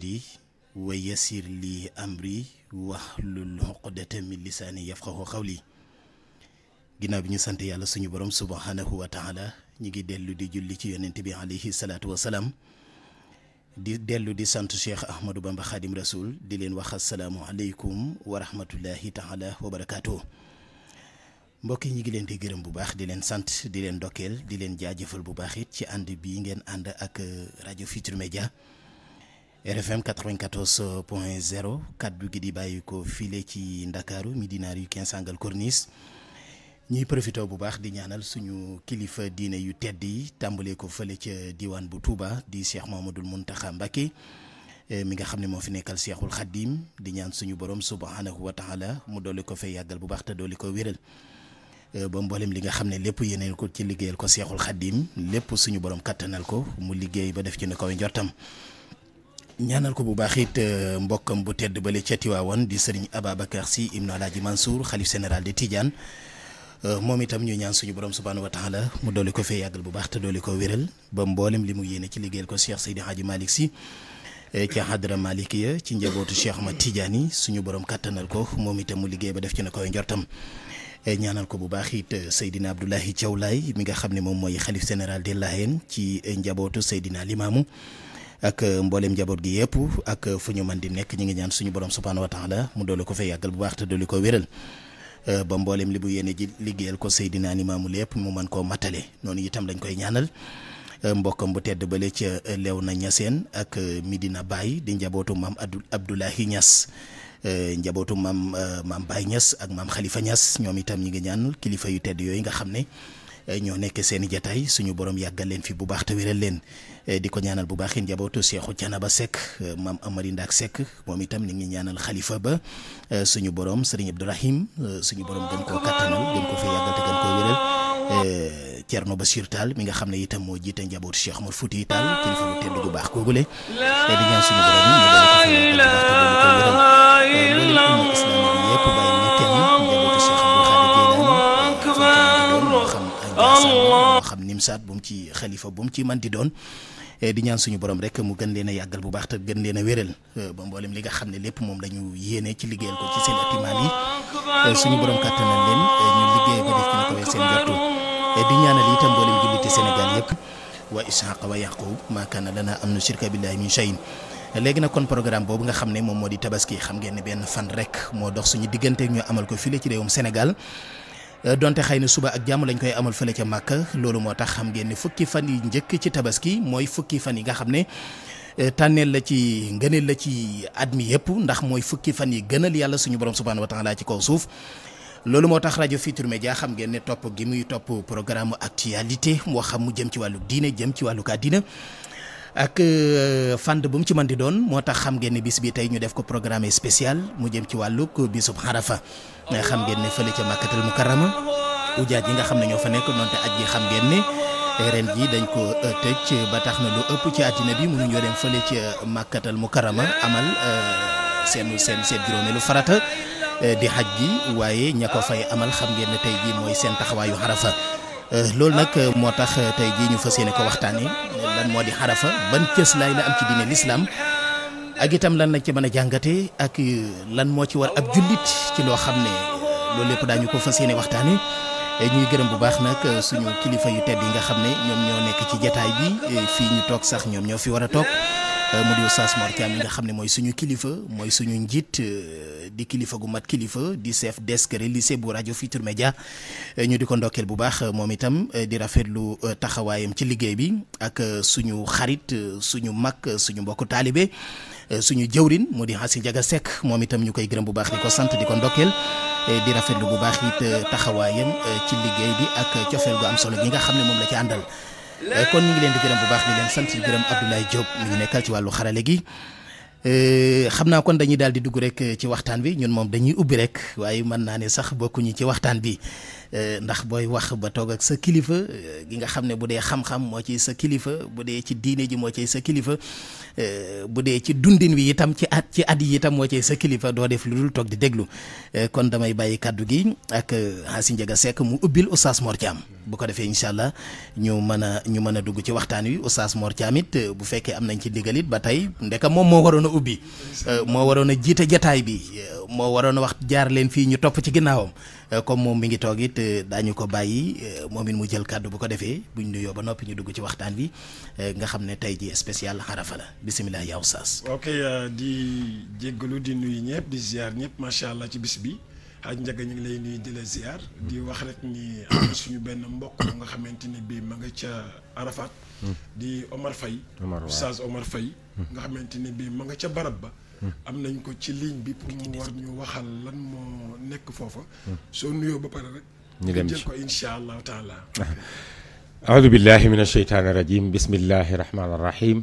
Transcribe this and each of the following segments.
sadri wa yassir li amri wahlul uqdata min lisaani xaw qawli ginnaaw bi ñu sant yàlla suñu borom subhanahu wa taala ñu ngi dellu di julli ci yonent bi alayhi salaatu wasalaam di dellu di sant Cheikh Ahmadou Bamba Khadim Rasoul di leen wax asalaamu aleykum wa rahmatullahi taala wa barakaatu mbokk yi ñu ngi leen di gërëm bu baax di leen sant di leen ndokkeel di leen jaajëfal bu baax it ci ànd bii ngeen ànd ak rajo Futurs Médias RFM quatre-vingt-quatorze kaddu gi di bayiko filé ci ndakaaru Médina rue quinze angle Corniche ñi profité bu baax di ñaanal suñu kilifa diiné yu tedd yi tàmbalee ko fële ci diwaan bu Touba di Cheikh Muntaha Mbacké eh, mi nga xamné mo fi nekkal Cheikhul Khadim di ñaan suñu borom subhanahu wa taala mu doli ko fay yàggal bu baax ta doli ko wéral eh, ba mboolem li nga xamné lépp ko ci liggéeyal ko Cheikhul Khadim lépp suñu borom kattanal ko mu liggéey ba def ci ne kaw njortam. ñaanal ko bu baax it euh, mbokkam bu tedd bale ca Tiwaawan di sëriñ Ababacar Sy ibnu Alaaji Mansour xalif sénéral de Tidiane euh, moom itam ñu ñaan suñu borom subhaanahu wa taala mu dolli ko fee yàggal bu baax te dolli ko wéral ba mboolem li mu yéene ci liggéeyal ko Cheikh Seydi Hadji Malick Sy eh, ci xadra malikiya ci njabootu Cheikh ma Tidiane yi suñu borom kàttanal ko moom itam mu liggéey ba def ci na koy njortam eh, ñaanal ko bu baax it eh, Seydina Abdoulahi Thiaw Laay mi nga xam ne moom mooy xalif général de Laayeen ci njabootu Seydina Limaamu ak mboolem njaboot gi yëpp ak fu ñu di Nek, ñu ngi ñaan suñu borom subhaanahu wa taala mu doole ko fa yàggal bu baax te doole ko wéral euh, ba mboolem li bu yéene ji liggéeyal ko mu mën matale noni itam dañ koy ñaanal euh, mbokkam bu tedd bale ca Léona Niassène ak euh, Medina Baye di njabootu maam Abdoulahi Niass njabootu maam maam Baye Niass ak maam Khalifa Niass ñoom itam ñi ngi ñaanal kilifa yu tedd yooyu nga xam ne ñoo seen i suñu borom yàggal leen fi bu baax te wéral len. Eh, di eh, eh, ko ñaanal bu baax njabootu cheikhou Canaba Seck maam Amari Ndaak Seck moom itam ñu ngi ñaanal khalifa ba suñu borom Serigne Abdourahim suñu borom gën ko kattanal gën ko fi yagal te gën ko wëral tierno Bachir tal mi nga xamne itam mo jité njabootu Cheikh Omar Fouti Tall kilifa bu tedd bu baax googule di ñaan suñu borom ñu xam nim sat bu mu ci khalifa bu mu ci man di don Eh, di ñaan suñu borom rek mu gën leen a yàggal bu baax te gën leen a wéral eh, ba mboolem li nga xam ne lépp moom lañu yéene ci liggéeyal ko ci seen atimaam yi eh, suñu borom kàttanal leen ñu liggéey ba def ci na ko seen njortu di ñaanal itam mboolem julliti Sénégal yëpp wa Ishaqa wa Yaqub ma kaana lana an nushrika billahi min shay'in léegi nag kon programme boobu nga xam ne moom moo di tabaski xam ngeen ne benn fan rek moo dox suñu diggante ñu amal ko fii ci réewum Sénégal Euh, donte xëy na suba ak jàmm lañ koy amul fële ca màkk loolu moo tax xam ngeen ne fukki fan yi njëkk ci tabaski mooy fukki fan yi nga xam ne euh, tànneel la ci ngëneel la ci at mi yëpp ndax mooy fukki fan yi gënal yàlla suñu borom subhaanahu wa taala ci kaw suuf loolu moo tax rajo Futurs Médias xam ngeen ne topp gi muy topp programme actualité moo xam mu jëm ci wàllu diine jëm ci wàllu àddina ak euh, fànn bu mu ci man di doon moo tax xam ngeen ne bis bi tey ñu def ko programme spécial mu jëm ci wàllug bisub xarafa nga xam ngeen ne fële ca màkkatal mukarrama ujaat yi nga xam ne ñoo fa nekk noonu te aj gi xam ngeen ne eh, ren ji dañ ko ci eh, ba tax na lu ëpp ci àddina bi mu mënuñoo dem fële ca màkkatal mukarrama amal eh, seen seen seen lu farata di xaj gi waaye ña ko fay amal xam ngeen ne tey jii mooy seen taxawaayu xarafa loolu nag moo tax tey jii ñu fa yéene ko waxtaanee lan moo di xarafa ban cëslaay la am ci diine lislaam ak itam lan lañ ci mën a jàngatee ak euh, lan moo ci war ab jullit ci loo xam ne loolu lépp daañu ko fa yéene waxtaane ñuy gërëm bu baax nag euh, suñu kilifa yu tedd yi nga xam ne ñoom ñoo nekk ci jataay bi fii ñu toog sax ñoom ñoo fi war a toog euh, mu di Oustaz nga xam ne mooy suñu kilifa mooy suñu njiit di kilifa gu mat kilifa di chef desk lise bu rajo Futurs média ñu di ko ndokkeel bu baax moom itam di rafetlu taxawaayam ci liggéey bi ak suñu xarit suñu mag suñu mbokk taalibe suñu jëwrin mu di Xasi a Sekk moom itam ñu koy gërëm bu baax di ko sant di ko ndokkeel eh, di rafetlu bu baax it eh, taxawaayam eh, ci liggéey bi ak cofeel gu am solo gi nga xam ne moom la ci àndal kon ñu ngi leen di gërëm bu baax di leen sant di gërëm Abdoulaye Diop mi ñu nekkal ci wàllu xarale gi xam naa kon dañuy daal di dugg rek ci waxtaan bi ñun moom dañuy ubbi rek waaye mën naa ne sax bokkuñu ci waxtaan bi Euh, ndax booy wax ba toog ak sa kilifa euh, gi nga xam ne bu dee xam-xam moo ci sa kilifa bu dee ci diine ji moo ciy sa kilifa euh, bu dee ci dundin wi itam ci at ci at yi itam moo ciy sa kilifa doo def lu dul toog di déglu kon damay bàyyi kàddu gi ak Xaasi Njaga Sekk mu ubbil Oustaz Mor Thiam bu ko defee incha allah ñu mën a ñu mën a dugg ci waxtaan wi Oustaz Mor Thiam it bu fekkee am nañ ci ndigal ba tey ndeka moom moo waroon a ubbi moo waroon a jiite jataay bi moo waroon a wax jaar leen fii ñu topp ci ginnaawam Euh, comme moom mi ngi toog it euh, daañu ko bàyyi euh, moom it mu jël kàddu bu ko defee buñ nuyoo ba noppi ñu dugg ci waxtaan bi nga xam ne tey ji spécial xarafa la bisimilah yaw saas ok di jéggalu di nuyu ñëpp di ziar ñëpp macha allah ci bis bi xaaj njaga ñu ngi lay nuyu di la ziar di wax rek ni am suñu benn mbokk mu nga xamante ni bii ma nga ca Arafat hmm. di Omar Faye Oustaz Omar Faye hmm. nga xamante ni bii ma nga ca barab ba am nañ ko ci ligne bi pour mu war ñu waxal lan moo nekk foofa soo nuyoo ba pare rek ñu dem jël ko incha allahu taala ahoudubillahi min asheytaani rajim bismillahi rahmaani rahim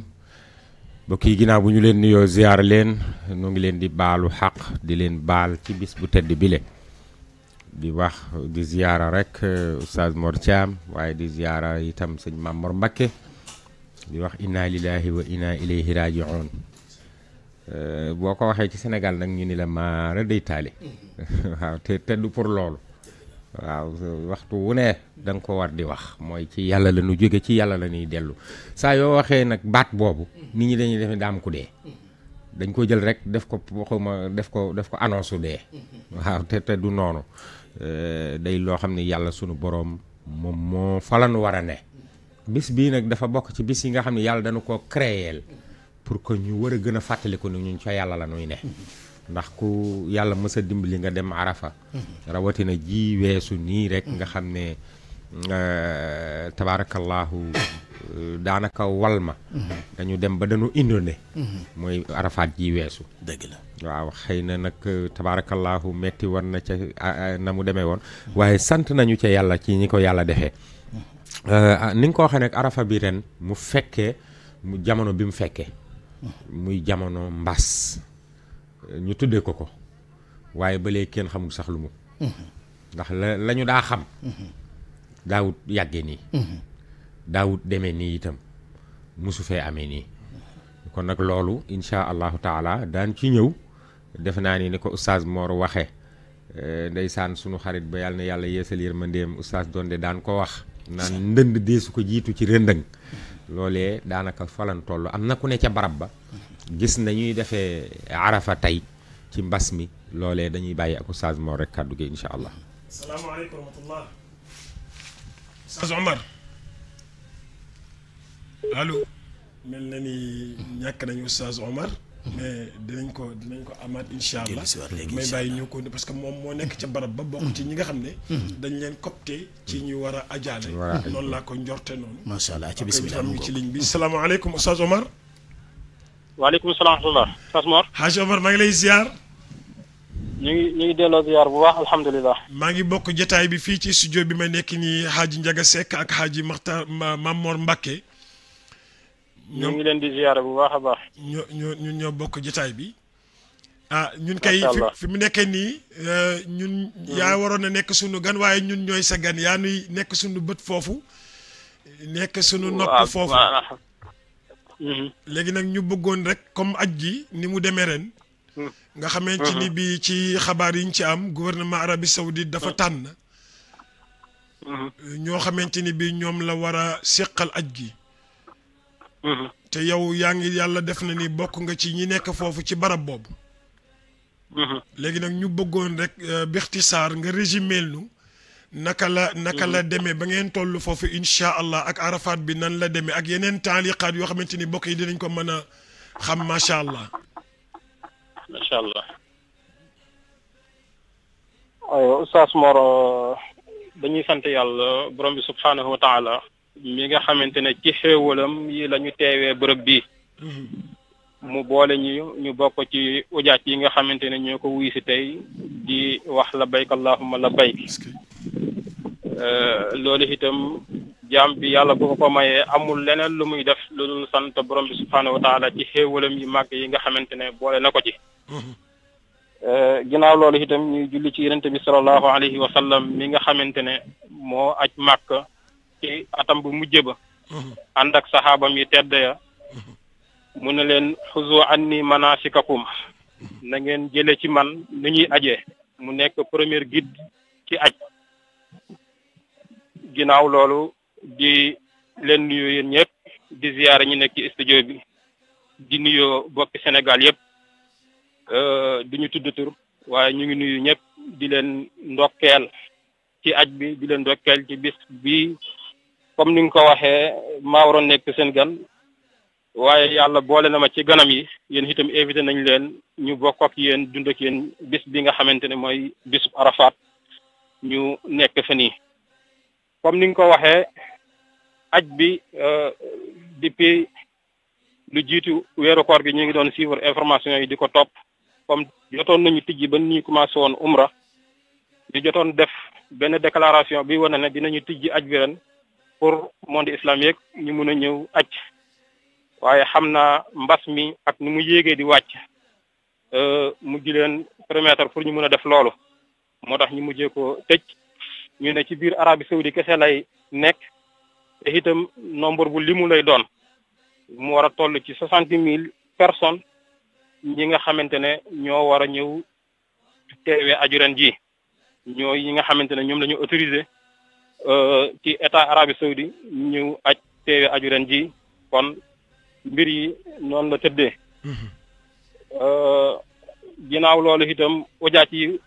mbokk yi ginnaaw bu ñu leen nuyoo ziar leen nu ngi leen di baalu xaq di leen baal ci bis bu tedd bile di wax di ziara rek euh, oustaz Mor Thiam waaye di ziara itam sëñ Mamour Mbakke di wax inna lillahi wa inna ilayhi rajiun Euh, boo ko waxee ci Sénégal nag ñu ni la maara day taali mm-hmm. waaw te tedd pour loolu waaw waxtu wu ne danga ko war di wax mooy ci yàlla la ñu jóge ci yàlla la ñuy dellu saa yoo waxee nag baat boobu mm-hmm. nit ñi dañuy def daam ku dee mm-hmm. dañ ko jël rek def ko waxuma def ko def ko annonce dee waaw te te noonu euh, day loo xam ne yàlla sunu boroom moom moo falan war a ne bis bii nag dafa bokk ci bis yi nga xam ne yàlla dañu ko créer pour que ñu war a gën a fàttaliku ni ñun ca yàlla la nuy ne ndax ku yàlla mës a dimbali nga dem arafa rawatina ji weesu nii rek nga xam ne euh, tabaarakallaahu euh, daanaka wal ma dañu dem ba dañu indone mooy arafaat ji weesu dëgg la waaw xëy na nag tabaarakallaahu metti wan na ca na mu demee woon waaye sant nañu ca yàlla ci ñi ko yàlla defee mm-hmm. euh, ni nga ko waxee nag arafa bi ren mu fekkee mu jamono bi mu fekkee muy jamono mbas ñu tuddee ko ko waaye ba kenn xamul sax lu mu ndax la lañu daa xam daawut yàggee nii daawut demee nii itam mosu fee amee nii kon nag loolu insha allahu taala daan ci ñëw defe naa ni ni ko oustaz Mor waxee eh, ndeysaan sunu xarit ba yàlla na yàlla yeesal yërmandeem oustaz de daan ko wax naan ndënd su ko jiitu ci rëndëng loole daanaka falan toll am na ku ne ca barab ba gis nañuy defee arafa tey ci mbas mi loole dañuy bàyyi ak oustaz moo rek kàddu gi incha allah salaamaaleykum wa allo mel na ni ñàkk nañu oustaz Omar mais dinañ ko dinañ ko amaat incha allah may bàyyi koo ko parce que moom moo nekk ca barab ba bokk ci ñi nga xam ne hmm. dañ leen copté ci ñu war a ajaale noonu laa ko njorte noonu macha allah ci bismillah mu ngi ci ligne bi salaamaaleykum Oustaz Omar waaleykum salaam rahmatullah Oustaz Mor Omar maa ngi lay ziar ñu ngi ñu ngi delloo ziar bu baax alhamdulilah. maa ngi bokk jotaay bi fii ci studio bi ma nekk nii Hadji Ndiaga Seck ak Hadji Makhtar Mamor Mbacke. ñoo ngi leen di bu baax a baax. ñoo ñoo ñun ñoo bokk jotaay bi. ah ñun kay fi mu nekkee nii eh, ñun. Hmm. yaa waroon a nekk suñu gan waaye ñun ñooy sa gan yaa nuy nekk suñu bët foofu. nekk suñu nopp foofu hmm. léegi nag ñu bëggoon rek comme aj gi ni mu demee ren. Hmm. nga xamee ci ni bi ci xabaar yi ñu ci am gouvernement Arabie Saoudite dafa tànn. ñoo xamante ni bi ñoom la war a seqal aj gi. Mm-hmm. te yow yaa ngi yàlla def na ni bokk nga ci ñi nekk foofu ci barab boobu. Mm-hmm. léegi nag ñu bëggoon rek euh, bixtisaar nga résumé nu naka la naka la mm-hmm. demee ba ngeen toll foofu incha allah ak arafat bi nan la demee ak yeneen taaliqaat yoo xamante ni bokk yi dinañ ko mën a xam macha allah. macha allah. aywa Oustaz Mor euh, dañuy yàlla borom bi subhanahu wa mi nga xamante ne ci xéewalam yi la ñu teewee bërëb bii mu boole ñu ñu bokk ci ujaat yi nga xamante ne ñoo ko wuy si tey di wax la bayk allahumma la bayk euh, loolu itam jaam bi yàlla bu ko mayee amul leneen lu muy def lu dul sant borom bi subhaanahu wa ci xéewalam yi màgg yi nga xamante ne boole na ko ci euh, ginnaaw loolu itam ñuy julli ci yonent bi sallallahu alayhi mi nga xamante ne moo aj màkk ci atam bu mujjé ba mhm. ànd ak yi tedd ya mhm. Muna len khuzu anni manasikakum mhm. na ngeen jele ci man ni ñuy ajé mu nekk premier guide ci aj ginaaw loolu di len nuyu yeen ñepp di ziyaare ñi nekk ci studio bi di nuyu bokk Sénégal yëpp euh, du ñu tudd tur waaye ñu ngi nuyu ñepp di len ndokkel ci aj bi di len ndokkel ci bis bi comme ni nga ko waxee maa nekk seen gan waaye yàlla boole na ma ci ganam yi yéen itam invité nañ leen ñu bokk ak yéen dund ak yéen bis bi nga xamante ne mooy bisub Arafat ñu nekk fe nii comme ni nga ko waxee aj bi euh, depuis lu jiitu weeru koor gi ñu ngi doon suivre information yi di ko topp comme jotoon ñu tijji ba nii commencé woon umra ñu jotoon def benn déclaration bi wane ne dinañu tijji aj bi pour monde islamique ñu mun a ñëw aj waaye xam naa mbas mi ak nu mu yéegee di wàcc euh, mu di leen permettre pour ñu mun a def loolu moo tax ñu mujjee ko tëj ñu ne ci biir Arabie Saoudi kese lay nekk itam nombre bu limu lay doon mu war a toll ci soixante mille personne ñi nga xamante ne ñoo war a ñëw teewee aju ren ji ñoo yi nga xamante ne ñoom la ñu autorisé Euh, ci état Arabie Saoudi ñu aj teewe aju ren ji kon mbir yi noonu la tëddee mhm. euh, ginnaaw loolu itam ojaat yi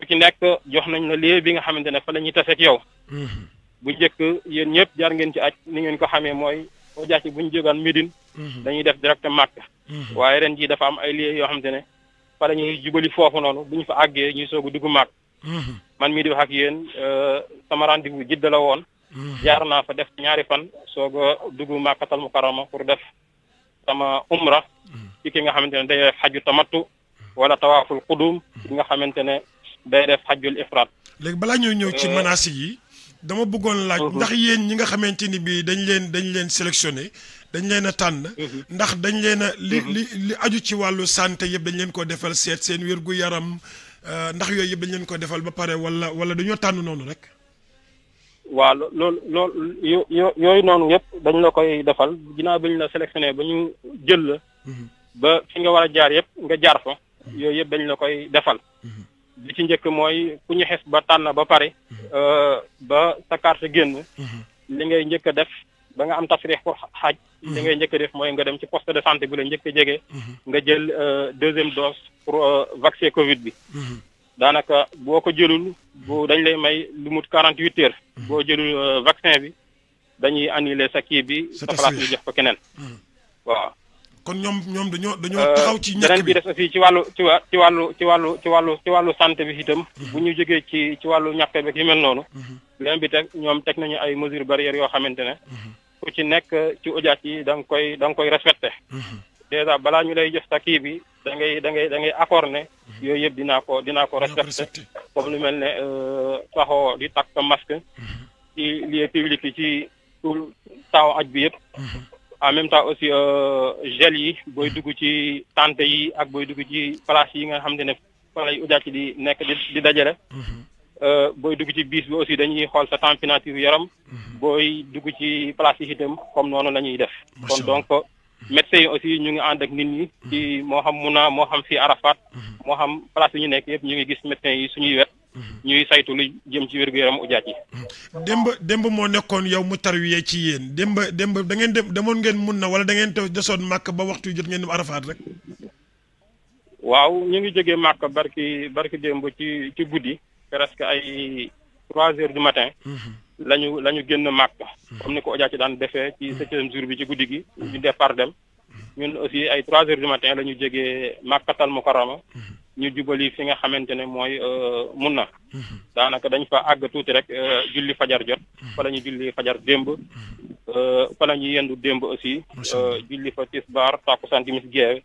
ku ci nekk jox nañ la lii bi nga xamante ne fa la ñuy taseeg yow mhm. bu njëkk yéen ñëpp jaar ngeen ci aj ni ngeen ko xamee mooy ojaat yi bu ñu jógaan Médine mhm. dañuy def direct màkk waaye ren ji dafa am ay lii yoo xamante ne fa la ñuy jubali foofu noonu bu ñu fa àggee ñuy soog a dugg màkk man mii di wax ak yéen euh, sama rendez-vous jidda la woon. Mm-hmm. jaar naa fa def ñaari fan soog a dugg Makkatal Mukarrama pour def sama umra. Mm-hmm. ci ki nga xamante ne day def xaju wala tawaaful mm-hmm. nga xamante ne day def xajul ifraat. léegi balaa ñuy ñëw ci euh, manaasi yi. dama bëggoon laaj ndax yéen ñi nga xamante ni bii dañ leen dañ leen sélectionné dañ leen a tànn ndax dañ leen a li li li aju ci wàllu santé yëpp dañ leen ko defal seet seen wér gu yaram Euh, ndax yooyu yëpp dañ leen ko defal ba pare wala wala dañoo tànn noonu rek. waaw loolu loolu yooyu noonu yëpp dañ la koy defal ginnaaw bi ñu la sélectionné ba ñu jël la. Mhm. ba fi nga war a jaar yëpp nga jaar fa. Mhm. yooyu yëpp dañ la koy defal. li mhm. ci njëkk mooy ku ñu xes ba tànn ba pare. Euh, ba sa carte génn. li ngay njëkk a def danga nga am tasrix pour xaaj mm-hmm. li ngay njëkk def mooy nga dem ci poste de santé bu la njëkk a jege mm-hmm. nga jël euh, deuxième dose pour euh, vacciner covid bi mm-hmm. daanaka boo ko jëlul bu dañ lay may lu mut quarante huit heures boo jëlul euh, vaccin bi dañuy annuler sa kii bi sa place bi jox ko keneen waaw kon ñoom ñoom dañoo dañoo taxaw ci ñàkk bi des aussi ci wàllu ci wa ci wàllu ci wàllu ci wàllu ci wàllu santé bi itam bu ñu jógee ci ci wàllu ñàkk bi yu mel noonu beneen bi teg ñoom teg nañu ay mesures barrières yoo xamante ne ku ci nekk ci audience yi dang koy da nga koy respecté. Mhm. dèjà balaa ñu lay jox sa kii bi da ngay da da ngay accord ne mhm. yooyu yëpp dina ko dinaa ko respecté comme lu mel ne saxoo euh, di tak sa masque mhm. ci lieu public yi ci tout taw aj bi yëpp en même temps aussi euh, gel yi booy dugg ci tente yi ak booy dugg ci place yi nga xam te ne fa lay audience di nekk di di dajale Euh, boy dugg ci bis bi aussi dañuy xol sa temps yaram mhm. boy dugg ci place yi itam comme nonu lañuy def kon donc médecins aussi ñu ngi and ak nit ñi ci mhm. mo xam muna mo xam fii arafat mhm. mo xam place yi ñu nekk yépp ñu ngi gis médecins yi suñuy wet ñuy saytu lu jëm ci wër gu yaram ujaat yi demb demb mo nekkon yow mu tarwiye ci yeen demb demb da ngeen dem demoon ngeen muna wala da ngeen desoon makka ba waxtu jot ngeen arafat rek waaw ñu ngi jógee makka barki barki dembu ci ci guddi presque ay trois heures du matin. Mhm. la ñu la ñu génn Màkka. Mhm. comme ni ko Oja ci daan defee ci mhm. septième jour bi ci guddi gi. ñu par dem. ñun aussi ay trois heures du matin la ñu jegee Màkkatal Mukarrama ñu jubali fi nga xamante ne mooy euh, mun na. daanaka dañ fa àgg tuuti rek euh, julli fajar jot. fa la ñu julli fajar démb. Euh, fa la ñu yendu démb aussi. julli fa tisbaar takkusaan timis gee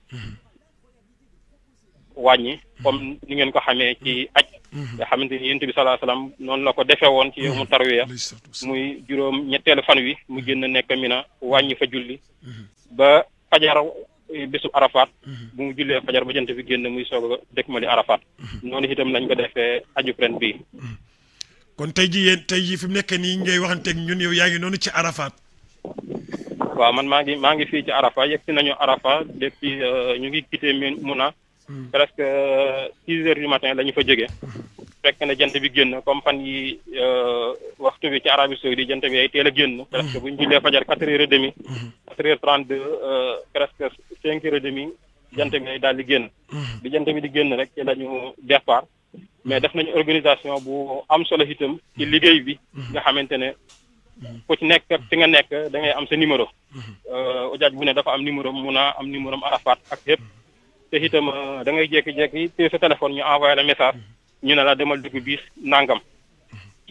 wàññi comme ni ngeen ko xamee ci aj mhm. nga xamante ni yonent bi salaa salaam noonu la ko defee woon ci mu mhm. tarwiya muy juróom ñetteelu fan wi mu génn nekk mina wàññi fa julli mhm. ba fajar eh, bisu arafat bu mu jullee fajar ba jant fi génn muy soog arafat noonu itam lañ ko defee aju ren bii kon tey ji yéen tey ji fi mu nekk nii ngay waxanteeg ñun yow yaa ngi ci arafat waaw man maa ngi maa ngi fii ci arafat yegg si nañu arafat depuis euh, ñu ngi quitté muna Mm. presque euh, six heures du matin la ñu fa jógee fekk na jant bi génn comme fan yi euh, waxtu bi ci Arabie Saoudi jant bi ay teel a génn mm. presque bu ñu jullee fajar quatre heures et demi mm-hmm. quatre heures trente deux euh, presque cinq heures et demi jant bi ay daal di génn di mm-hmm. jant bi di génn rek ci la ñu mais def nañu organisation bu am solo itam ci liggéey bi mm-hmm. nga xamante ne ku ci nekk fi nga nekk da ngay am sa numéro ujaaj bu ne dafa am numéro mun a am numéro am Arafat ak yëpp te itam ah, da ngay jékki-jékki te sa téléphone ñu envoyé la message ñu ne la demal dugg bis nangam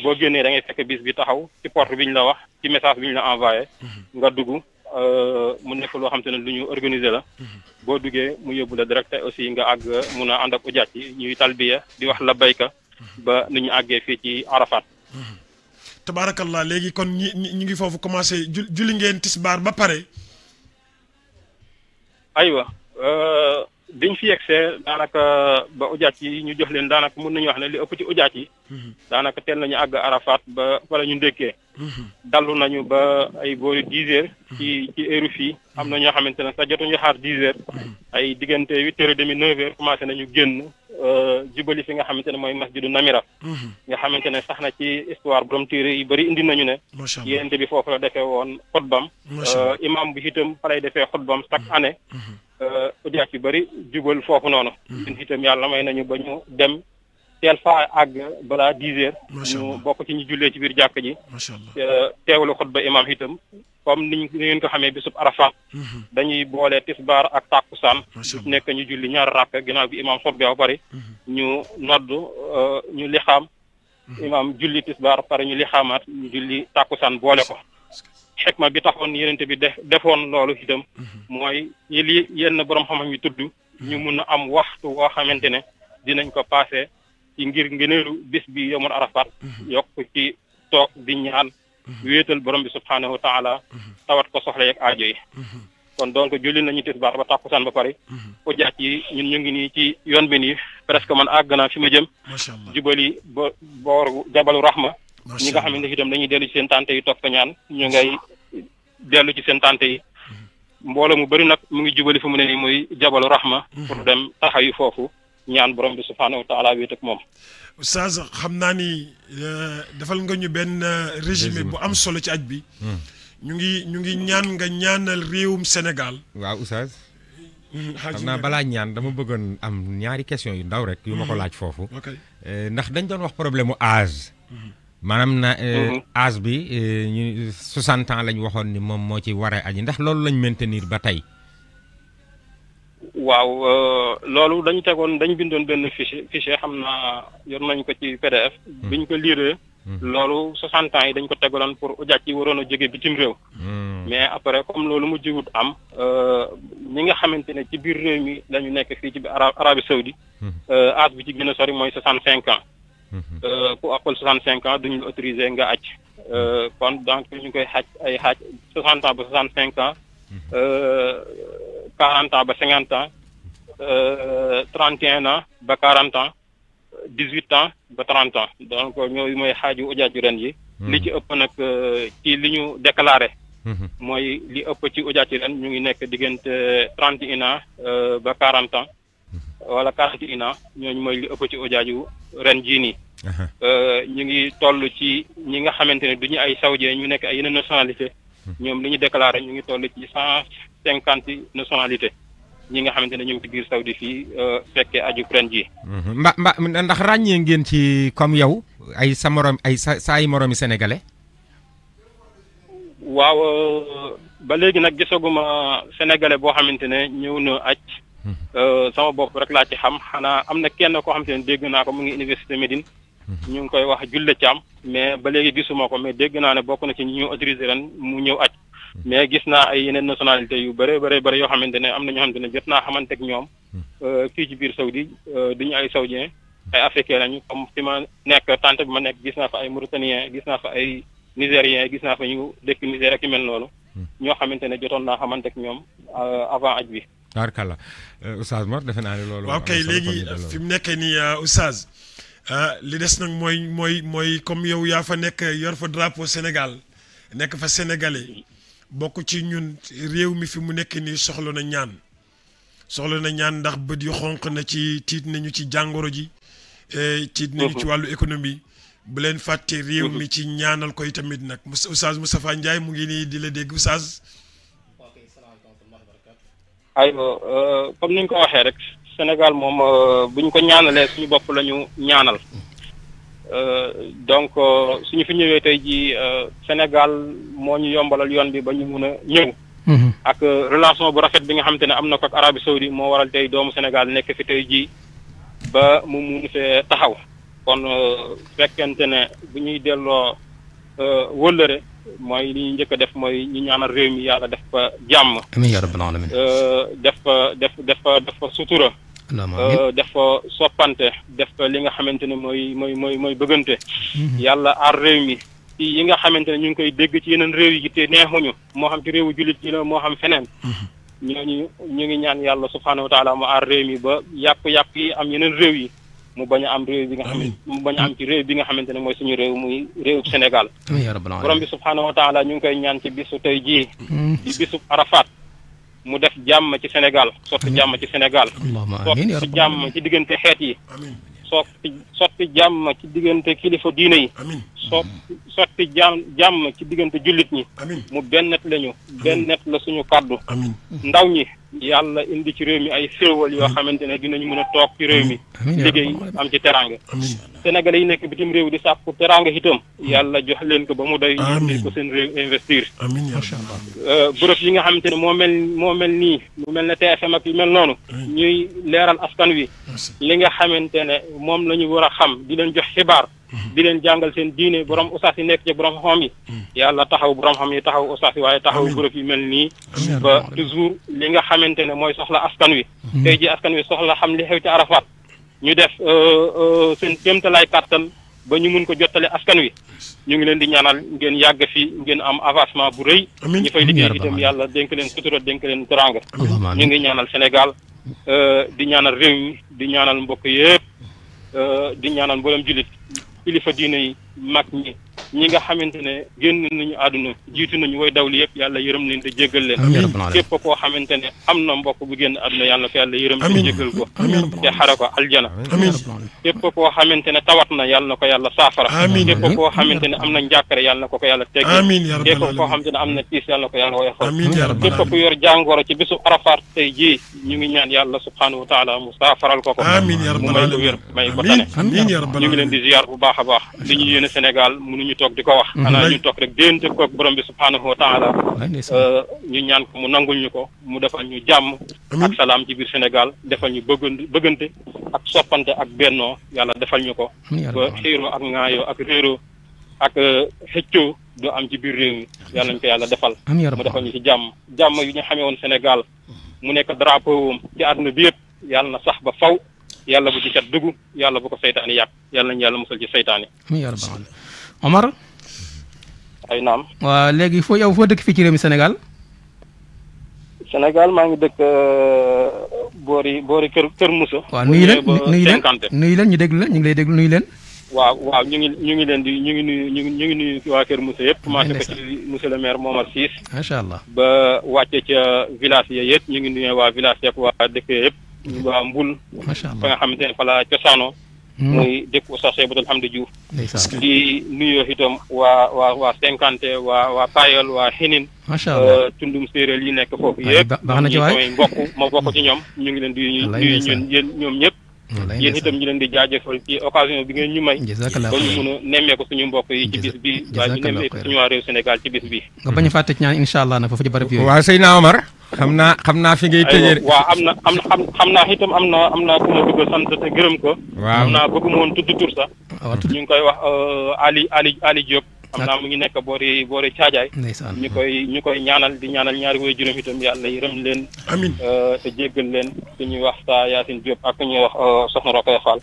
bo génnee da ngay fekk bis bi taxaw ci porte biñ la wax ci message biñ la envoyé nga dugg euh, mu nekk loo xam te ne lu ñu organisé la boo duggee mu yóbbu la direct aussi nga àgg mun a ànd ak yi ñuy talbiya di wax la bayka ba nu ñu àggee fii ci arafat tabarakallah légui kon ñi ñi ngi fofu commencé julli ngeen tisbar ba pare aywa euh, biñ fi yegsee daanaka uh, ba ujaat yi ñu jox leen daanaka mën nañu wax ne li ëpp ci ujaat yi. Mm-hmm. daanaka teel nañu àgg Arafat ba wala ñu ndékkee. Mm-hmm. dallu nañu ba ay boori dix heures. Mm-hmm. ci ci heure fii am na ñoo xamante ne sax jotuñu xaar dix heures. ay diggante huit heures et demi neuf heures commencé nañu génn. Euh, jubali fi nga xamante ne mooy masjidu namira mhm. nga xamante ne sax na ci histoire borom téere yu bëri indi nañu ne yénente bi foofu la defee woon xutbam euh, imam bi itam fa lay defee xutbam chaque mhm. année mhm. euh, audiat yu bëri jubal foofu noonu ñun itam yàlla may nañu ba ñu dem teel fa àgg balaa dix heures ñu bokk ci ñu jullee ci biir jàkk ji teewlu xutba imam itam comme niñ ngeen ko xamé bisub arafat mhm. dañuy bolé tisbar ak takusan nek ñu julli ñaar rak ginaaw bi imam xutbe ba bari mhm. ñu noddu euh, ñu lixaam mhm. imam julli tisbar pare ñu lixaamaat ñu julli takusan bolé ko xekma bi taxone yeenent bi def defoon loolu itam moy li yenn borom xam-xam yi tudd ñu mun am waxtu wo xamantene dinañ ko passé ci ngir ngeneeru bis bi yomul arafat yok ci tok di ñaan Mm-hmm. wéetal borom bi subhaanahu wa taala mm-hmm. tawat ko soxla yeeg aajo yi mm-hmm. kon donc julli nañu tisbaar ba saan ba pare ujaat yi ñun ñu ngi nii ci yoon bi nii presque man àgg naa fi ma jëm jubali ba booru jabalu rahma ñi nga xamante itam dañuy dellu ci seen tante yi toog ko ñaan dellu ci seen yi mbooloo mu bëri nag mu ngi jubali fu mu ne nii muy jabalu rahma pour dem taxayu foofu ñaan borom bi subhaanahu wa taala ak moom. oustaz xam naa ni euh, defal nga ñu benn euh, résumé bu am solo ci aj bi. Hmm. ñu ngi ñu ngi ñaan nga ñaanal réewum Sénégal. waaw oustaz. Hmm, xam naa balaa ñaan dama bëggoon am ñaari question yu ndaw rek. yu ma ko hmm. laaj foofu. Euh, ndax dañ doon wax problème mu âge. maanaam na âge bi ñu 60 ans lañ waxoon ni moom moo ci waree aji ndax loolu lañ maintenir ba tey. waaw euh, loolu dañu tegoon dañu bindoon benn fichier fichier xam naa yor nañ ko ci PDF. Hmm. biñ ko liiree. Hmm. loolu 60 ans yi dañ ko tegaloon pour ujàcc yi waroon a jóge bitim réew. Hmm. mais après comme loolu mu jiwut am. Euh, ñi nga xamante ne ci biir réew mi la nekk fii ci biir Arabie Saoudi. âge euh, bi ci gën a sori mooy cinq ans. ku appal 65 ans duñu autorisé nga aj kon donc ñu koy xaaj ay xaaj 60 ans ba 65 ans. 40 ans ba 50 ans euh, 31 ans ba 40 ans 18 ans ba 30 ans donc ñooyu mooy xaaju ujaaju ren yi hmm. li ci ëpp nag euh, ci li ñu déclaré hmm. mooy li ëpp ci ujaaju ren ñu ngi nekk diggante 31 ans euh, ba 40 ans hmm. wala 41 ans ñooñu mooy li ëpp ci ujaaju ren jii nii euh, ñu ngi toll ci ñi nga xamante ne duñu ay sawjee ñu nekk ay yeneen nationalité ñoom li ñu ñu ngi toll ci cent cinquante nationalité ñi nga xamante ne ñëw ci biir Saoudi fii euh, fekkee aju ren jii. Mhm. mba mba ndax ràññee ngeen ci comme yow ay sa ay sa saay moromi sénégalais. waaw euh, ba léegi nag gisaguma sénégalais boo xamante ne ñëw na aj mhm. euh, sama bopp rek laa ci xam xanaa am na kenn koo xamante ne dégg naa ko mu ngi université Médine. Mhm. ñu ngi koy wax Julle Thiam. mais ba léegi gisuma ko mais dégg naa ne bokk na ci ñi ñu autorisé ren mu ñëw aj mais gis naa ay yeneen nationalité yu bëre bëre bëri yoo xamante ne am na ñoo xamante ne jot naa xamante ak ñoom hmm. euh, fii ci biir Saoudi euh, duñu ay saoudien ay africain lañu comme fi ma nekk tant bi ma nekk gis naa fa ay mauritanien gis naa fa ay nigérien gis naa fa ñu dëkk Niger ak yu mel noonu hmm. ñoo xamante ne jotoon naa xamante ak ñoom euh, avant aj bi taarkalla Oustaz Mor defe naa ne loolu waaw kay léegi fi mu nekkee nii a li des nag mooy mooy mooy comme yow yaa fa nekk yor fa drapeau Sénégal nekk fa sénégalais bokk ci ñun réew mi fi mu nekk nii soxla na ñaan soxla na ñaan ndax bët yu xonq na ci tiit nañu ci jàngoro ji e, tiit nañu ci wàllu économie bu leen fàtte réew mi ci ñaanal koy tamit nag Oustaz Moustapha Ndiaye mu ngi nii di la dégg Oustaz aywa e, comme ni ko waxee rek Sénégal moom e, bu ñu ko ñaanalee suñu bopp lañu ñaanal Euh, donc euh, suñu fi ñëwee tey jii euh, Sénégal moo ñu yombalal yoon bi ba ñu mun a ñëw. Mhm. ak relation bu rafet bi nga xamante ne am na ko ak Arabie Saoudi moo waral tey doomu Sénégal nekk fi tey jii ba mu mun fee taxaw kon fekkente ne bu ñuy delloo wëllëre mooy li ñu njëkk a def mooy ñu ñaanal réew mi yàlla def fa jàmm. def fa def def sutura. Euh, def ko soppante def ko li nga xamante ne mooy mooy mooy mooy bëggante mhm. yàlla aar réew mi yi nga xamante ne ñu ngi koy dégg ci yeneen réew yi te neexuñu moo xam ci réewu jullit yi la moo xam feneen mhm. ñooñu ñu ngi ñaan yàlla subhaanahu wa taala mu aar réew mi ba yàpp-yàpp yi am yeneen réew yi mu bañ am réew bi nga xamante mu am ci bi nga xamante ne mooy suñu réew muy réew Sénégal borom bi subhaanahu ñu ngi koy ñaan ci bisu tey jii mhm. ci bisu Arafat mu def jàmm ci Sénégal sotti jàmm ci Sénégal sotti jàmm ci diggante xeet yi sotti sotti jàmm ci diggante kilifa diine yi so sotti jàmm jàmm ci diggante jullit ñi mu bennet lañu benn bennet la suñu kàddu ndaw ñi yàlla indi ci réew mi ay xéewal yoo xamante ne dinañu mën a toog ci réew mi liggéey am ci terang sénégalais yi nekk bitim réew di sàkku teraanga itam yàlla jox leen ko ba mu doy ñu ko seen réew investir euh, bërëb yi nga xamante ne moo mel moo mel nii mu mel ne TFM ak yu mel noonu ñuy leeral askan wi li nga xamante ne moom la ñu war a xam di leen jox xibaar di leen jàngal seen diine borom ustaas yi nekk ci borom xam yi yàlla taxaw borom xam yi taxaw ustaas yi waaye taxaw groupe yu mel nii ba toujours li nga xamante ne mooy soxla askan wi mm. tey ji askan wi soxla xam li xew ci Arafat ñu def euh, euh, seen téemtalaay kàttan ba ñu mun ko jottale askan wi ñu ngi leen di ñaanal ngeen yàgg fi ngeen am avancement bu rëy ñu fay liggéey itam yàlla dénk leen sutura dénk leen teranga ñu ngi ñaanal Sénégal euh, di ñaanal réew mi di ñaanal mbokk yëpp di ñaanal mboolem jullit kilifa diine yi mag ñi ñi nga xamante ne génn nañu àdduna jiitu nañu way dawli yëpp yàlla yërëm leen te jéggal leen képp koo xamante am na mbokk bu génn àdduna yàlla ko yàlla yërëm te jéggal ko te xare aljana képp koo xamante ne tawat na yàlla na ko yàlla saafara képp koo xamante am na njàkkare yàlla na ko ko yàlla teggi képp koo xamante ne na tiis yàlla na ko yàlla woyofal képp ku yor jàngoro ci bisu arafaat tey jii ñu ngi ñaan yàlla subhanahu wa taala mu saafaral ko ko mu may ko wér may ko tane ñu ngi leen di ziyaar bu baax a baax tok di wax mhm. ana ñu tok rek ko ak borom bi subhanahu wa taala euh, ñu ñaan ko mu nangul ñuko mu defal ñu jamm ak salam ci bir senegal defal ñu bëggante ak sopante ak benno yalla defal ñuko ko ya ba ak ngaayo ak réeroo ak euh, xëccoo do am ci bir réew yalla yàlla ñu ko defal ya mu defal ñu ci jamm jamm yu ñu xamee woon mu nekk drapeau ci aduna bi yëpp yalla na sax ba faw yalla bu ci cat dugg yalla bu ko seytaane yak yalla ñu yàlla musal ci seytaane Omar. ay naam. wa legui fo yow fo dekk fi ci réew senegal senegal Sénégal maa ngi dëkk euh, boori boori Kër Kër Moussa. waaw nuy len nuy len nuyu leen ñu déglu la ñu ngi lay déglu nuy len wa wa ñu ngi ñu ngi len di ñu ngi nuy ñu ngi nuy ngi nuyu waa Kër Moussa yëpp. ci monsieur le maire Momar Cisse. sha allah ba wacce ci village ya yépp ñu ngi nuy wa village yëpp ya waa dëkk ya yëpp. ba mm-hmm. Mbul. sha allah nga xamante fala ci sano Mm. muy dëkku Oustaz Seybatul Hamdi Diouf di nuyoo itam waa waa waa cinquante waa waa Payol waa Xinin macha allah euh, tundum séeréer yi nekk foofu yëpp baax na ci waay mbokk ci ñoom ñu ngi leen di ñuy ñoom ñëpp yéen itam ñu leen di jaajëfal ci occasion bi ngeen ñu may ba ñu mun a nemmeeku suñu mbokk yi ci bis bi waaye ñu nemmeeku suñu waa Sénégal ci bis bi nga bañ a fàtte ci ñaan incha allah nag foofu ci barab yooyu waaw sëñ naa Omar xam naa xam naa fi ngay tëjee waaw am na am na xam naa itam am na am naa ku ma bëgg a sant te gërëm ko waaw am naa bëgg moon tudd tur sax ñu ngi koy wax euh, Ali Ali Ali Diop am naa mu ngi nekk boori boori caajaay ñu koy ñu koy ñaanal di ñaanal ñaari woy juróom itam yàlla yërëm leen amiin euh, te jéggal leen ku ñuy wax saa Yaasin a ak ku wax soxna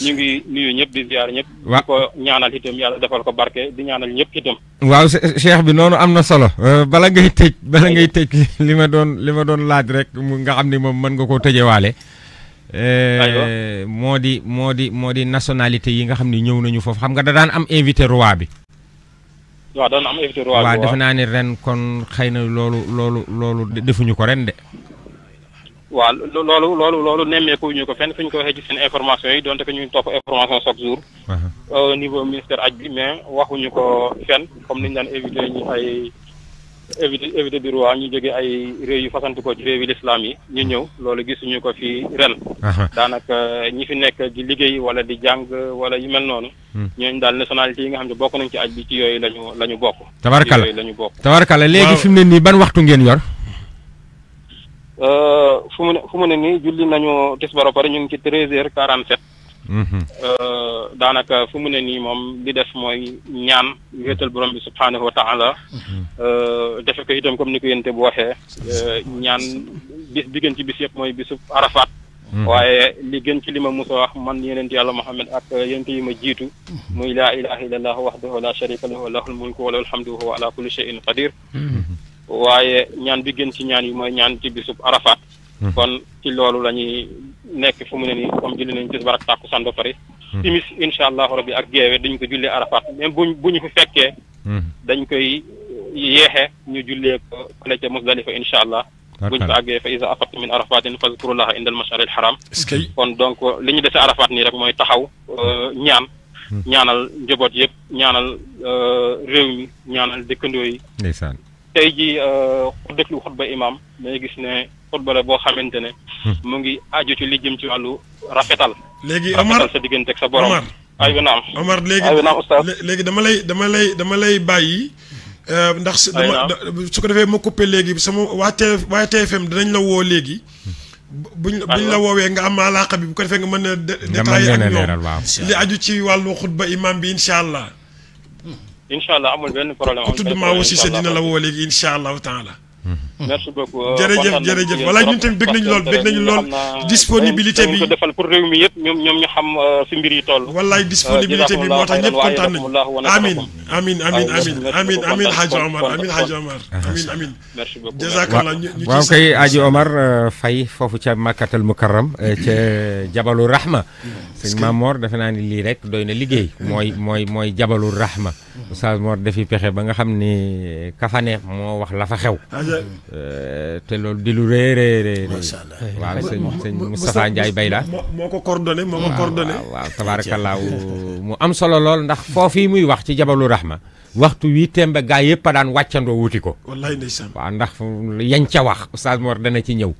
ñu ngi nuyu ñëpp di ziar ñëpp di ko ñaanal itam yàlla defal ko barke di ñaanal ñëpp itam waaw cheikh bi noonu am na solo euh, bala ngay tëj bala ngay tëj li ma doon li ma doon laaj rek nga xam ni moom mën nga koo tëjewaale euh, moo di moo di moo di nationalité yi nga xam ni ñëw nañu foofu xam nga da am invité roi bi waaw doon am invité roi waaw naa ne ren kon xëy na loolu loolu loolu defuñu ko ren de. waaw loolu loolu loolu nemmeeku ñu ko fenn fu ñu ko waxee ci seen information yi donte que ñu ngi topp information chaque jour. au niveau ministère aj bi mais waxuñu ko fenn comme ni ñu daan éviter ñu ay. évité évité di ruwaa ñu jóge ay réew yu fasantu ko ci réew yi lislaam yi ñu ñëw loolu gisuñu ko fi ren daanaka ñi fi nekk di liggéey wala di jàng wala yu mel noonu hmm. ñooñu daal nationalité yi nga xam ne bokk nañ ci aj bi ci yooyu lañu la bokk tabarkala yooyu bokk tabarkala léegi fi mu ne nii ban waxtu ngeen yor euh, fu mu ne fu mu ne nii julli nañu tisbaar ba ñu ngi ci treize heures quarante sept Mhm. Euh, daanaka fu mu ne nii moom li def mooy ñaan wéetal borom bi subhaanahu wa taala mhm. euh, defe ko itam comme ni ko yénte bu waxee euh, ñaan bis bi gën ci bis yëpp mooy bisu arafat mhm. waaye li gën ci li ma musa wax man yeneen yonent yàlla Muhammad ak yonent yi ma jiitu muy laa ilaha illallah wahdahu la sharika lahu lahul mulku wa lahul hamdu wa ala kulli shay'in waaye ñaan bi gën ci ñaan yi mooy ñaan ci bisub arafat Mm-hmm. kon ci loolu la ñuy nekk fu mu ne nii comme julli nañ tisbaar ak tàkkusaan ba pare mm-hmm. timis incha allahu rabbi ak geewe dañ ko jullee arafat même buñ bu ñu fi fekkee mm-hmm. dañ koy yeexe ñu jullee ko fële ca musdalifa incha allah bu buñ fa àggee fa isa afatu min arafatin fazkurullaha indal mashar al haram kon donc li ñu dese arafat nii rek mooy taxaw euh, ñaan ñaanal njaboot yëpp ñaanal euh, réew mi ñaanal dëkkandoo yi tey jii euh, ku déglu xutba imaam dañuy gis ne xutba la boo xamante ne. Hmm. mu ngi aju ci li jëm ci wàllu rafetal. léegi Omar sa diggante sa borom. Omar aywa naam Omar léegi aywa naam léegi dama lay dama lay dama lay bàyyi. Euh, ndax dama su ko defee ma coupé léegi sama waa T waa TFM dinañ la woo léegi. buñ buñ la woowee nga am alaaka bi bu ko defee nga mën a. détaillé ak ñoom li aju ci wàllu xutba imaam bi incha allah. incha allah amul benn problèmeamul benn problème tudd Maawo Cissé dina la woo léegi incha allahu taala Mm-hmm. merci beaucoup jërëjëf jërëjëf voilà ñun tamit bëgg nañu lool bëgg nañu lool disponibilité bi defal pour réew mi yëpp ñoom ñoom ñu xam fi euh, mbir yi toll wallaay euh, disponibilité bi moo tax ñëpp kontaan nañu amin amin amin amin amin amin Hadj Omar amin Hadj Omar amin amin merci beaucoup jazakallah waaw kay Hadj Omar euh, Faye foofu ca Makkatal Mukarram ca Jabalu Rahma sëñ Mamor defe naa ni lii rek doy na liggéey mooy mooy mooy Jabalu Rahma mm-hmm. Oustaz Mor defi pexe ba nga xam ni kafane moo wax la fa xew Euh, te loolu di lu rëy rëy allah waaw sëñ sëñ Moustapha Ndiaye bay la. moo ko coordonné moo ko coordonné. waaw tabaarakallaahu mu am solo lool ndax foofii muy wax ci jabalu rahma. waxtu wii tembe gaa yëpp a daan wàccandoo wuti ko. wallaay ndeysaan waaw ndax yañ ca wax Oustaz moor dana ci ñëw.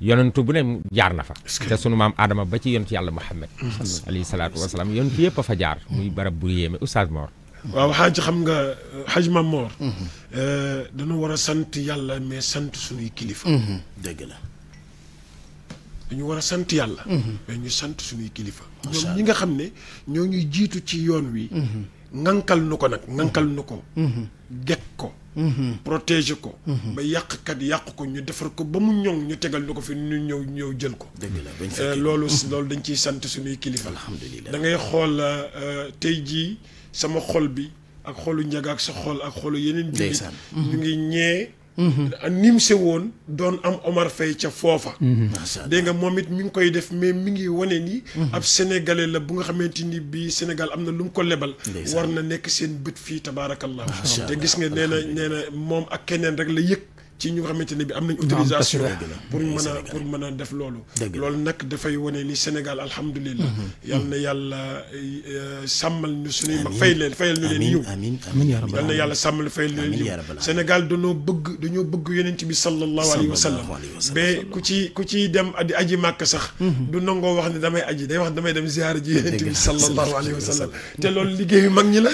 yonentu bu ne jaar na fa te sunu maam aadama ba ci yonentu yàlla Muhammad alayhi salaatu wasalaam yonentu yëpp fa jaar muy barab bu yéeme Oustaz Mor waaw xaaj xam nga xaaj Mamor. Eh, dañu war a sant yàlla mais sant suñuy kilifa. dëgg la. dañu war a sant yàlla. ñu sant suñuy kilifa. ñoom ñi nga xam ne ñoo ñuy jiitu ci yoon wi. ngankal nu ko nag ngankal nu ko. geg ko. protéger ko. ba yàqkat yàq ko ñu defar ko ba mu ñoŋ ñu tegal na ko fi ñu ñëw ñëw jël ko. dëgg eh, loolu loolu dañ ciy sant suñuy kilifa. alhamdulilah da ngay xool eh, tey jii. sama xol bi ak xolu njaga ak sa xol ak xolu yeneen jullit ñu ngi mm-hmm. ñee mm-hmm. nim se woon doon am Omar Faye ca foofa mm-hmm. dégg nga moom it mi ngi koy def mais mi ngi wane ni ab sénégalais la bu nga xamante ni bii Sénégal am na lu mu ko lebal war na nekk seen bët fii tabaarakallah te gis nga nee na nee na moom ak keneen rek la yëg ci ñu xamanteni bi am nañ autorisation pour mën a pour mën a def loolu loolu nag dafay wane ni Sénégal alhamdulilah mm-hmm. Mm-hmm. yal na yàlla euh, sàmmal ñu suñuy mag fay leen fayal ñu leen yiw yal na yàlla sàmmal fayal ñu leen yiw Sénégal dañoo bëgg dañoo bëgg yonent bi sallallahu alayhi wa sallam ba ku ci ku ci dem di aji màkk sax mm-hmm. du nangoo wax ni damay aji day wax damay dem ziar ji yonent bi sallallahu alayhi wa sallam te loolu liggéeyu mag ñi la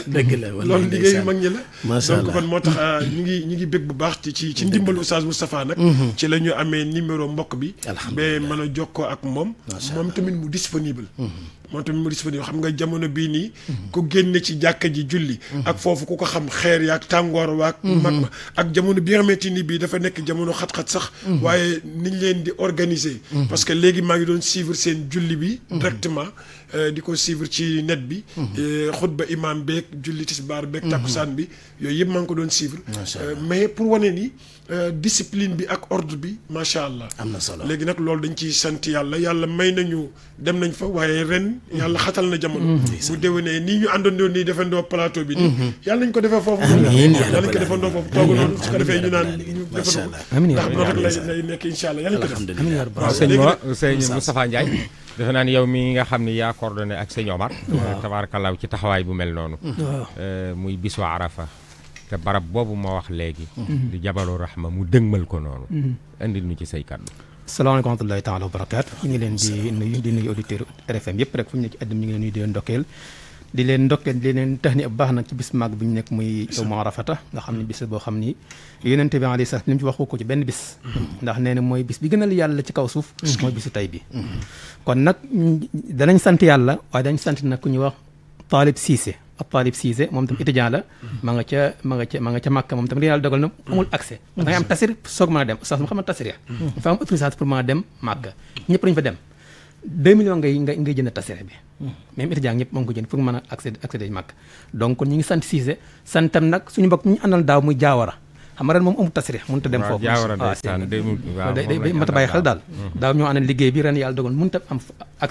loolu liggéeyu mag ñi la donc kon moo tax euh, ñu ngi ñu ngi bëgg bu baax ci ci ci ndimbal ndigalu Oustaz mhm. ci la ñu amee numéro mbokk bi ba mën a jokkoo ak moom moom tamit mu disponible mhm. moom tamit mu disponible xam nga jamono bii nii ku génne ci jàkka ji julli mhm. ak foofu ku ko xam xeer yaak tàngoor waak mag ma ak jamono bi nga xamante ni bii dafa nekk jamono xat-xat sax waaye niñ leen di organiser parce que léegi maa ngi doon suivre seen julli bi directement Euh, di ko suivre ci net bi. Mhm. xutba imaam beeg julli tisbaar beeg. Mhm. takkusaan bi yooyu yëpp maa ngi ko doon suivre. Euh, mais pour wane ni euh, disipline bi ak ordre bi macha allah. am na solo léegi nag loolu dañ ciy sant yàlla yàlla may nañu dem nañ fa waaye ren. Mhm. yàlla xatal na jamono. bu déwénee nii ñu àndandoo nii defandoo plateau bi. nii yàlla nañ ko defee foofu. amiin yàlla nañ ko defee ñu naan ñu defandoo. amiin amiin amiin amiin amiin amiin amiin amiin amiin amiin amiin amiin amiin defe naa ni yow mi nga xam ni yaa coordonné ak sëñ Omar. waaw eh, tabaarakallaaw ci taxawaay bu mel noonu. Eh, muy bisu Arafa. te barab boobu ma wax léegi. Mhm. di jabalu rahma mu dëgmal ko noonu. indi mhm. ñu ci say kàddu. salaamaaleykum wa rahmatullaahi taala wa barakaatu. ñu ngi leen di nuyu di nuyu auditeurs RFM yëpp rek fu mu ne ci àddina ñu ngi leen di nuyu ndokkeel. di leen ndokkeel di leen tax ni ab baax nag ci bis màgg bi ñu nekk muy yow Arafata nga xam ne mm. bis boo xam ni yonent bi alayhi ko ci benn bis mm. ndax nee na mooy bis bi gënal yàlla ci kaw suuf mm. mooy bisu tay bi kon nag danañ sant yàlla waaye dañ sant nag ku ñu wax Taalib Cissé ab Taalib Cissé moom tam étudiant la ma nga ca ma nga ca ma moom tam li yàlla dogal na amul accès da ngay am tasir soog mën a dem ustaas mu xam ne tasir ya fa am autorisation pour mën a dem Màkka ñëpp dañ fa dem 2 millions ngay ngay ngay jënd tasere bi. Hmm. même étudiant ñëpp moo ngi ko jënd pour mën a accéder accéder mag donc kon ñu ngi sant Cissé santam nag suñu mbokk ñu àndal daaw muy jaawara. xam nga ren moom amul tasrix mënut a ah, dem foofu waaw day mat a bàyyi xel daal hmm. daaw ñoo ànd liggéey bi ren yàlla dogal mënut hmm. euh, a am ak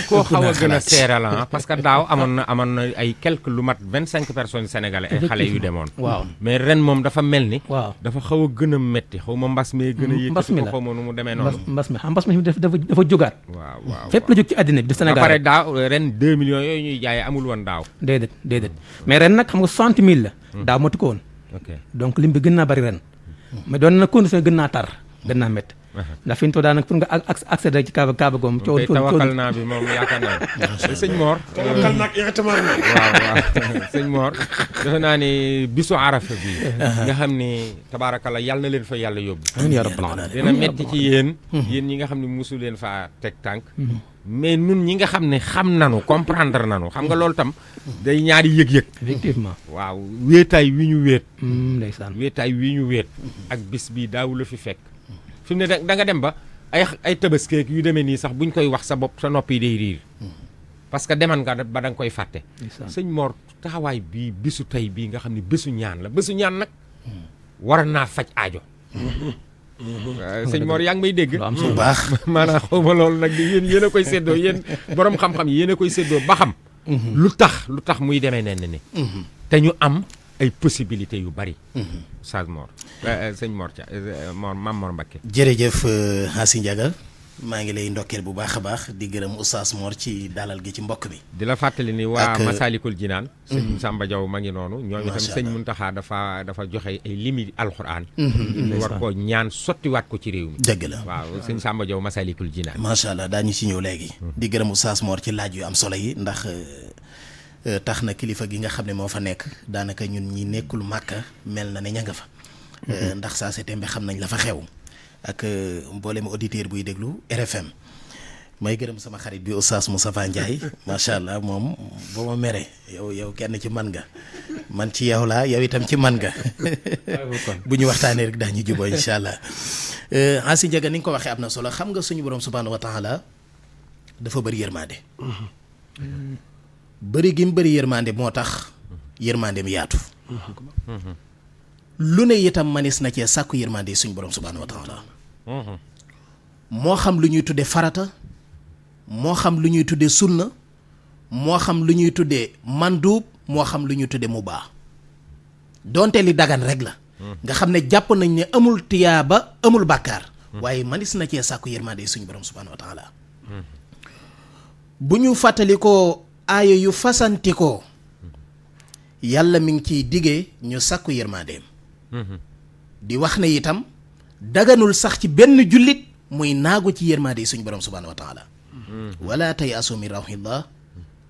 a a seeral ah, parce que daaw amoon na amoon na ay quelque lu mat vingt cinq personnes sénégalais ay xale yu demoon waaw mais ren moom dafa mel ni dafa xaw a gën a metti xaw ma mbas mi gën a mm, yëkkati ko xaw ma nu mu demee noonu mbas mi xam mbas mi dafa dafa jógaat waaw mm. waaw fépp la jóg ci àddina bi du Sénégal pare daaw ren 2 la mm. daaw ko woon donc lim bi gën naa bari ren mais doon na condition gën naa tar gën naa métti ndax fi ñu toll daanaka pour nga accès rek ci kaaba kaaba goom coow coow tawakal naa bi moom yaakaar naa sëñ Mor tawakal naa exactement defe naa ni bisu arafa bi uh-huh. nga xam ne tabaarakalla yàlla na leen fa yàlla yóbbu amiin yaa rabbal alamin dina metti ci yéen hmm. yéen ñi nga xam ne mosu leen faa teg tànk hmm. mais nun ñi nga xam ne xam nanu comprendre nanu xam nga loolu tam day ñaari yëg-yëg effectivement waaw wéetaay wi ñu wéet hmm, ndeysaan wi ñu wéet ak bis bi daawu la fi fekk fi mu ne da dem ba ay ay tëbaskeek yu demee nii sax bu ñu koy wax sa bopp sa nopp yi day riir parce que deman nga ba da nga koy fàtte sëñ moor taxawaay bii bésu tey bii nga xam ne bésu ñaan la bésu ñaan nag war naa faj aajo sëñ moor yaa ngi may dégg bu baax maanaam xawma loolu nag di yéen a koy séddoo yéen borom xam-xam yi yéen a koy séddoo ba xam mhm. lu tax lu tax muy demee nenn ni mhm. te ñu am ay possibilité yu bari. Mhm. Saas Mor eh, eh, sëñ Mor Thia eh, Mor Maam Mor Mbacké. jërëjëf Xaasi Ndiaga maa ngi lay ndokkeel bu baax a baax di gërëm Oustaz Mor ci dalal gi ci mbokk bi. di la fàttali ni waa Masalikul Jinaan. sëñ mhm. Samba Diaw ma ngi noonu. ñooñu tam sëñ Muntaxa dafa dafa joxe ay limi alxuraan. Mhm. war ko ñaan sottiwaat ko ci réew mi. dëgg la waaw sëñ Samba Diaw Masalikul Jinaan. macha allah ñu ci ñëw léegi. di gërëm Oustaz Mor ci laaj yu am solo yi ndax. Euh, tax na kilifa gi nga xam ne moo fa nekk daanaka ñun ñi nekkul màkka mel na ne ña nga fa. Euh, mm-hmm. ndax saa seetembe xam nañ la fa xew. ak euh, mboolem auditeur buy déglu RFM may gërëm sama xarit bi Oustaz Moustapha Ndiaye macha allah moom boo ma mere yow yow kenn ci man nga man ci yow laa yow itam ci man nga bu ñu waxtaanee rek ñu juboo incha allah. Asi Ndiaga ni nga ko waxee am na solo xam nga suñu borom subhaanahu wa taala dafa bëri yërmaade. Mm-hmm. bëri gi mu bëri yërmande moo tax yërmande mi yaatu lu ne itam manis na cee sàkku yërmande suñ borom subhaanahu wa moo xam lu ñuy tuddee farata moo xam lu ñuy tuddee sunna moo xam lu ñuy tuddee manduub moo xam lu ñuy tuddee mu baax donte li dagan rek la nga xam ne jàpp nañ ne amul ba amul bàkkaar waaye manis na cee sàkku yërmande suñu borom subhaanahu wa bu ñu fàttali aaya yu fasantikoo yàlla mi ngi ciy diggee ñu sakku dem di wax ne itam daganul sax ci benn julit muy nagu ci de suñu borom subhanahu wa taala wala tay asu min rawxillah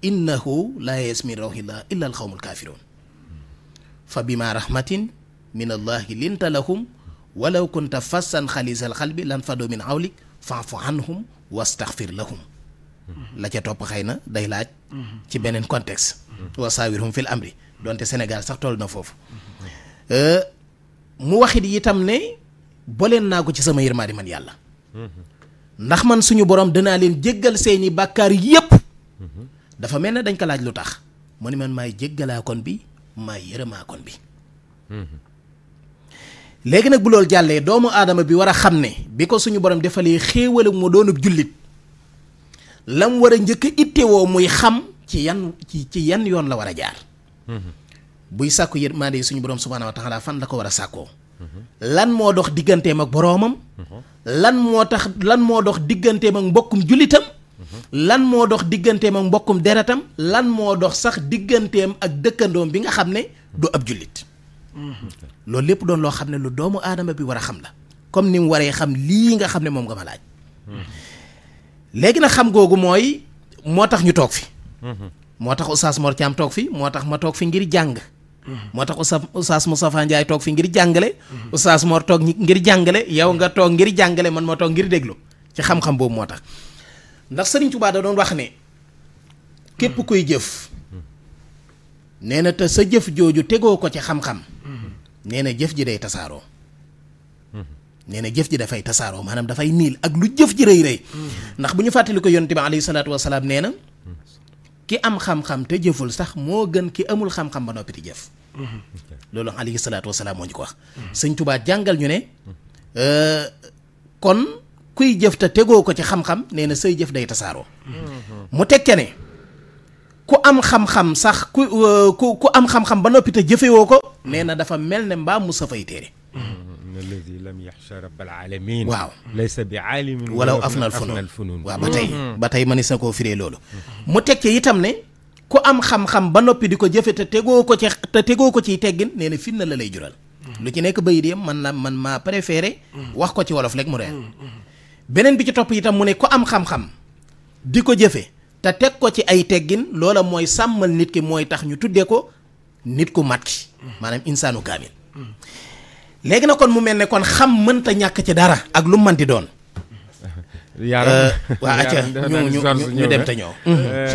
innahu la yes min rawxillah illa alxawmu kafirun fa bima rahmatin min allahi linta lahum ولو kunta fassan خليز xalbi lan fado min awlik faafu anhum wastaxfir lahum la ca topp xëy na day laaj. ci beneen contexte. wa saawirhum fil amri donte Sénégal sax toll na foofu. Euh, mu waxit itam ne boleen naa ko ci sama yërmaande man yàlla. ndax man suñu borom danaa leen jéggal seeni bàkkaar yépp dafa mel ne dañ ko laaj lu tax mu ne man maay jéggalaakoon bi maay yërëmaakoon bi. léegi nag bu loolu jàllee doomu aadama bi war a xam ne bi ko suñu borom defalee xéewal mu doonub jullit lam war a njëkk a ittewoo xam ci yan ci ci yan yoon la war a jaar mhm. buy sàkku yërmande yi suñu borom subhaanahu wa taala fan la ko war a sàkkoo lan moo dox digganteem ak boroomam lan moo tax lan moo dox digganteem ak mbokkum jullitam lan moo dox digganteem ak mbokkum deretam lan moo dox sax digganteem ak dëkkandoom bi nga xam ne du ab jullit loolu lépp doon loo xam ne lu doomu aadama bi war a xam la comme ni mu waree xam lii nga xam ne moom nga ma laaj léegi nag xam googu mooy moo tax ñu toog fi mhm. moo tax Oustaz Mor Thiam toog fi moo tax ma toog fi ngir jàng mhm. moo tax Oustaz Oustaz Moustapha Ndiaye toog fi ngir jàngale mhm. Oustaz Mor toog ngir jàngale yow nga toog ngir jàngale man ma toog ngir déglu ci xam-xam boobu moo tax ndax Serigne Touba da doon wax ne képp kuy jëf nee na te sa jëf jooju tegoo ko ci xam-xam nee na jëf ji day tasaaroo nee jëf ji dafay tasaaroo maanaam dafay niil ak lu jëf ji rëy rëy ndax bu ñu fàttali ko yonent bi alayhi salaatu wasalaam nee na ki am xam-xam te jëful sax moo gën ki amul xam ba noppi di jëf loolu alayhi moo ko wax sëñ Tuubaa jàngal ñu ne euh, kon tegoo ko ci xam-xam na say jëf day tasaaroo mu tekke ne ku am xam-xam sax ku euh, am xam ba noppi te jëfewoo ko nee na dafa mel ne mbaa mu safay téere الذي لم يخشى رب العالمين waaw laysa bi aalimin walaw afna al funun waaw ba tey ba tey mënees na koo firee loolu mu teg ci itam ne ku am xam-xam ba noppi di ko jëfe te tegoo ko ci te tegoo ko ciy teggin nee na fitna la lay jural lu ci nekk bayit yam man la man maa préféré wax ko ci wolof rek mu reer beneen bi ci topp itam mu ne ku am xam-xam di ko jëfe te teg ko ci ay teggin loola mooy sàmmal nit ki mooy tax ñu tuddee ko nit ku mat ki maanaam insaanu kaamil léegi na kon mu mel ne kon xam mënta ñàkk ci dara ak lu mën di doon yaaram euh, waa acca ñu ñu ñu dem eh? te ñëw. Eh, euh,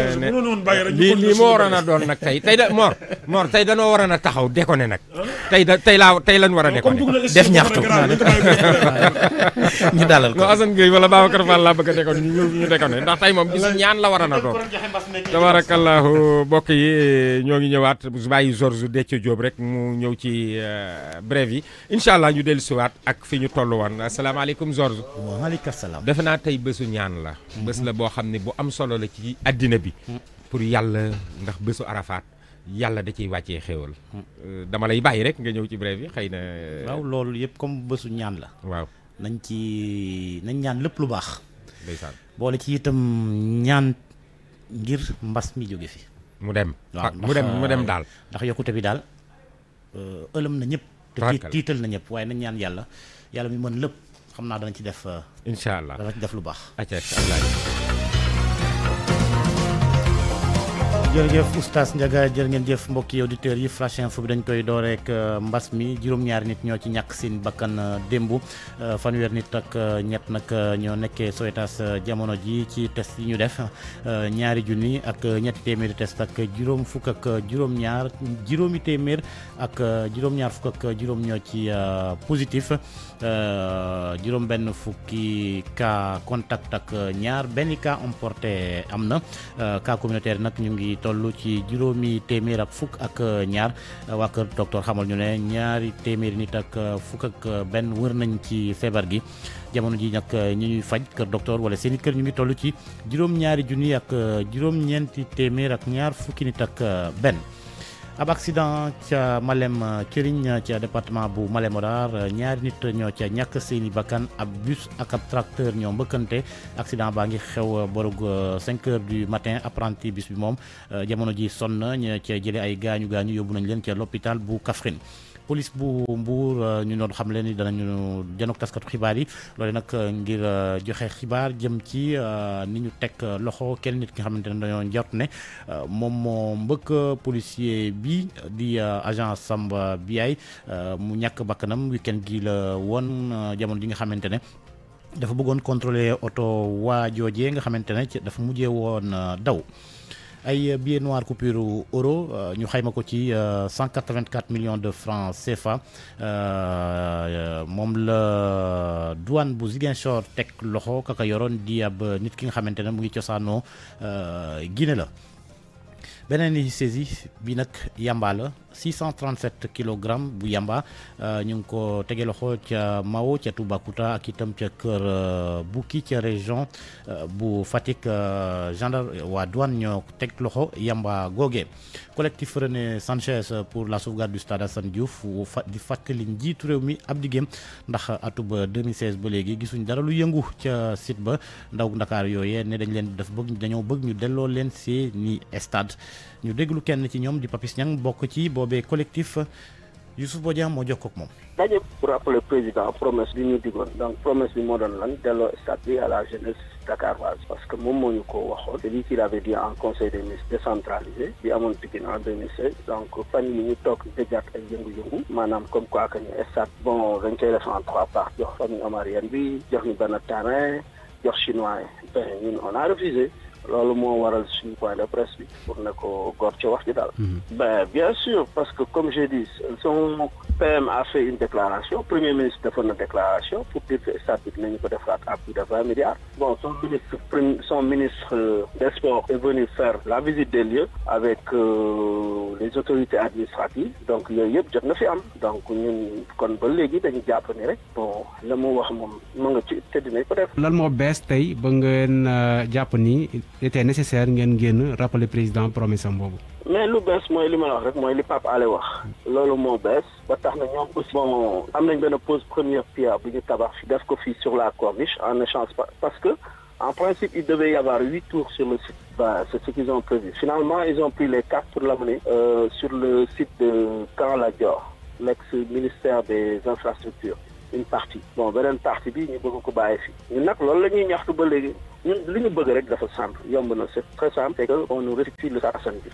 lii lii moo waroon a doon nag tey tey da Mor Mor tey danoo a taxaw déconné nag tey da tey laa tey lañ war a déconné. def ñaxtu ñu dalal ko. non Assane Gueye wala Babacar Fall laa bëgg a déconné ñu ñu déconné ndax tey moom bisu ñaan la waroon a doon. tabarakallahu mbokk yi eh, ñoo ngi ñëwaat bàyyi rek mu ñëw ci brève yi incha allah ñu dellusiwaat ak fi ñu tollu woon asalaamaaleykum Georges. waaleykum salaam defe naa tey tey bésu ñaan la mhm. bés la boo xam ne bu am solo la ci àddina bi mhm. pour yàlla ndax bésu arafaat yàlla da ciy wàccee xéewal mhm. euh, dama lay bàyyi rek nga ñëw ci brève bi xëy na euh, waaw loolu yëpp comme bésu ñaan la waaw nañ ci nañ ñaan lépp lu baax ndeysaan boole ci itam ñaan ngir mbas mi jóge fi mu dem waaw mu dem mu dem daal ndax yokkute bi daal euh, ëlëm na ñëpp te tiital na ñëpp waaye nañ ñaan yàlla yàlla mi mën lépp xam naa dana ci def. Euh, incha allah dana ci def lu baax. jërëjëf oustaz Ndiaga jërë jëf mbokk yi auditeurs yi flash info bi dañ koy door rek euh, mbas mi juróom-ñaari nit ñoo ci ñàkk seen bakkan euh, démb euh, fanweer nit ak ñett nag ñoo nekkee Sowetas jamono ji ci test yi ñu def ñaari junni ak ñetti téeméeri test ak juróom fukk ak juróom-ñaar juróomi téeméer ak juróom-ñaar fukk ak juróom ñoo ci positif juróom benn fukki ka contact ak ñaar benn ka emporté am na cas communautaire nag ñu ngi toll ci juróomi téeméer ak fukk ak euh, ñaar euh, waa kër docteur xamal ñu ne ñaari téeméeri nit ak euh, fukk ak benn wër nañ ci feebar gi jamono ji nag ñi ñuy faj kër docteur wala seen i kër ñu ngi toll ci juróom-ñaari junni ak juróom-ñeenti téeméer ak ñaar fukki nit ak benn ab accident ca Malem uh, Kiriñ ca uh, département bu Malem Hodar ñaari uh, nit ñoo ca ñàkk seeni bakkan ab bus ak ab tracteur ñoo mbëkkante accident baa ngi xew borog 5 heures du matin apprenti bus bi moom jamono ji sonn ña ca jële ay gaañu gaañu yóbbu nañ leen ca l'hôpital bu kafren police bu Mbour euh, ñu noonu xam leen ni danañu janook taskatu xibaar yi loole nag euh, ngir euh, joxe xibaar jëm ci ni ñu teg loxo kenn nit ki nga xamante ne dañoo njort ne moom moo mbëkk policier bi di agent Samba Biaye mu ñàkk bakkanam week-end gi la woon jamono ji nga xamante ne dafa bëggoon contrôler oto waa joojee nga xamante ne dafa mujje woon daw ay billet noir coupure euro euh, ñu xayma ko ci 184 euh, millions de francs CFA euh, moom la douane bu Ziguinchor teg loxo kaka yoroon di ab nit ki nga xamante ne mu ngi cosaanoo Guinée la beneen saisi bi nag yàmbaa 637 kg bu yamba euh, ñu ngi ko tege ca Mao ca Kuta, ak itam ca kër euh, Bouki ca région euh, bu Fatik gendarme wa douane ñoo teg loxo yamba Goge. collectif René Sanchez pour la sauvegarde du stade Assane Diouf di fàttali njiitu réew mi ab ndax atub 2016 ba léegi gisuñ dara lu yëngu ca site ba ndaw Ndakaar yooyee ne dañ leen def bëgg dañoo bëgg ñu delloo leen seeni stade nous déglu kenn ci ñoom di Papis ñang bokk ci collectif Youssouf pour rappeler président promesse bi ñu digoon donc promesse du moo doon lan à la jeunesse dakaroise parce que moom ko l'avait dit en conseil des ministres décentralisé 2016 donc y ñu toog de ak yëngu-yëngu comme quoi que bon dañ trois parts chinois ben on a refusé loolu moo waral suñu point de presse bi pour ne ko gor ci wax ji daal. Mhm. ben bien sûr parce que comme je dis, son PM a fait une déclaration premier ministre fait une déclaration pour dire que état bi dinañu ko à plus de 20 milliards. bon son ministre son ministre des sports est venu faire la visite des lieux avec euh, les autorités administratives donc yooyu yëpp jot na fi am donc ñun kon ba léegi dañu jàpp ni rek bon la mu wax moom mu nga ci Le plus ko def. lan moo bees ba euh, ni était nécessaire ngeen le président promesse mais lu li ma wax rek première pierre sur la en échange parce que en principe il devait y avoir huit tours sur le site. Bah, c'est ce qu'ils ont prévu finalement ils ont pris les quatre pour l'amener euh, sur le site de Carl l'ex ministère des infrastructures une partie bon beneen partie bi ñu bëgg ko bàyyi fi ñun nag loolu la ñuy ñaxtu ba léegi ñun li ñu bëgg rek dafa simple yomb na c'est très simple c'est que on nous restitue le Sarasane bi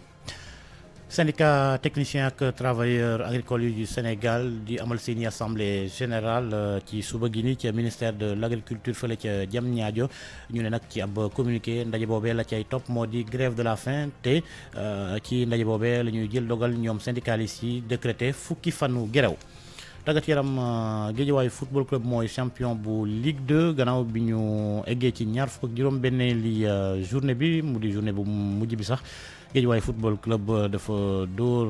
syndicat technicien ak travailleurs agricoles du Sénégal di amal seeni assemblée générale euh, ci suba gi ni ca ministère de l' agriculture fële ca Diamniadio ñu ne nag ci ab communiqué ndaje boobee la cay topp moo di grève de la faim te euh, ci ndaje boobee la ñuy jël dogal ñoom syndicalistes yi décrété fukki fanu gerew tàggat yaram euh, Guédiawaye football club mooy champion bu Ligue 2 gannaaw bi ñu eggee ci ñaar fukk ak juróom-benneeli euh, journée bi mu di journée bu mujj bi sax Guédiawaye football club euh, dafa dóor.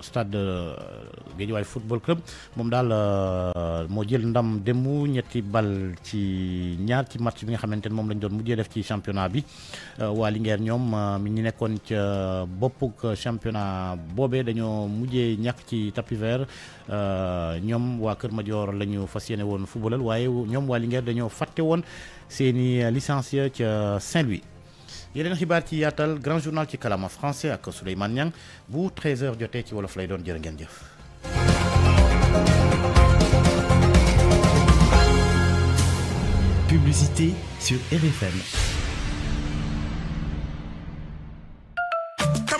stade euh, Guédiawaye football club Mom dal euh, mo jël ndam démb ñetti bal ci ñaar ci match bi nga xamantene mom lañ doon mujjé def ci championnat bi euh, waa Linguère ñom mi ñu nekkoon ca boppuk championnat bobé dañoo mujjé ñak ci tapis vert ñom wa Kër Madior lañu ñu won yéene woon footballal waaye ñoom waa Linguère dañoo faté won seeni licencié ci Saint-Louis yeneen xibaar ci yaatal grand journal ci kàllaama français ak Souleymane Niang bu 13h jotee ci wolof lay doon jërë ngeen Publicité sur RFM.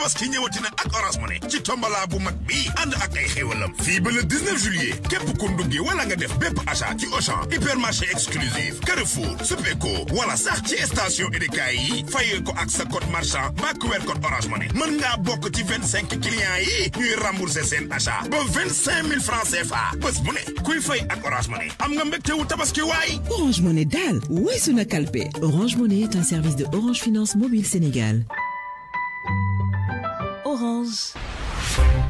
tabaski ñëwati na ak orange money ci tombola bu mag bi and ak ay xéwalam fi ba le 19 juillet képp ku nduggi wala nga def bépp achat ci Auchan hypermarché exclusif Carrefour Supeco wala sax ci station EDK yi fayee ko ak sa code marchand Ma QR code orange money mën nga bokk ci 25 clients yi ñuy rembourser seen achat ba 25 000 francs CFA bés bu ne kuy fay ak orange money am nga mbégte wu tabaski waay Orange Money daal weesu na calpé? Orange Money est un service de Orange Finance Mobile Sénégal Orange.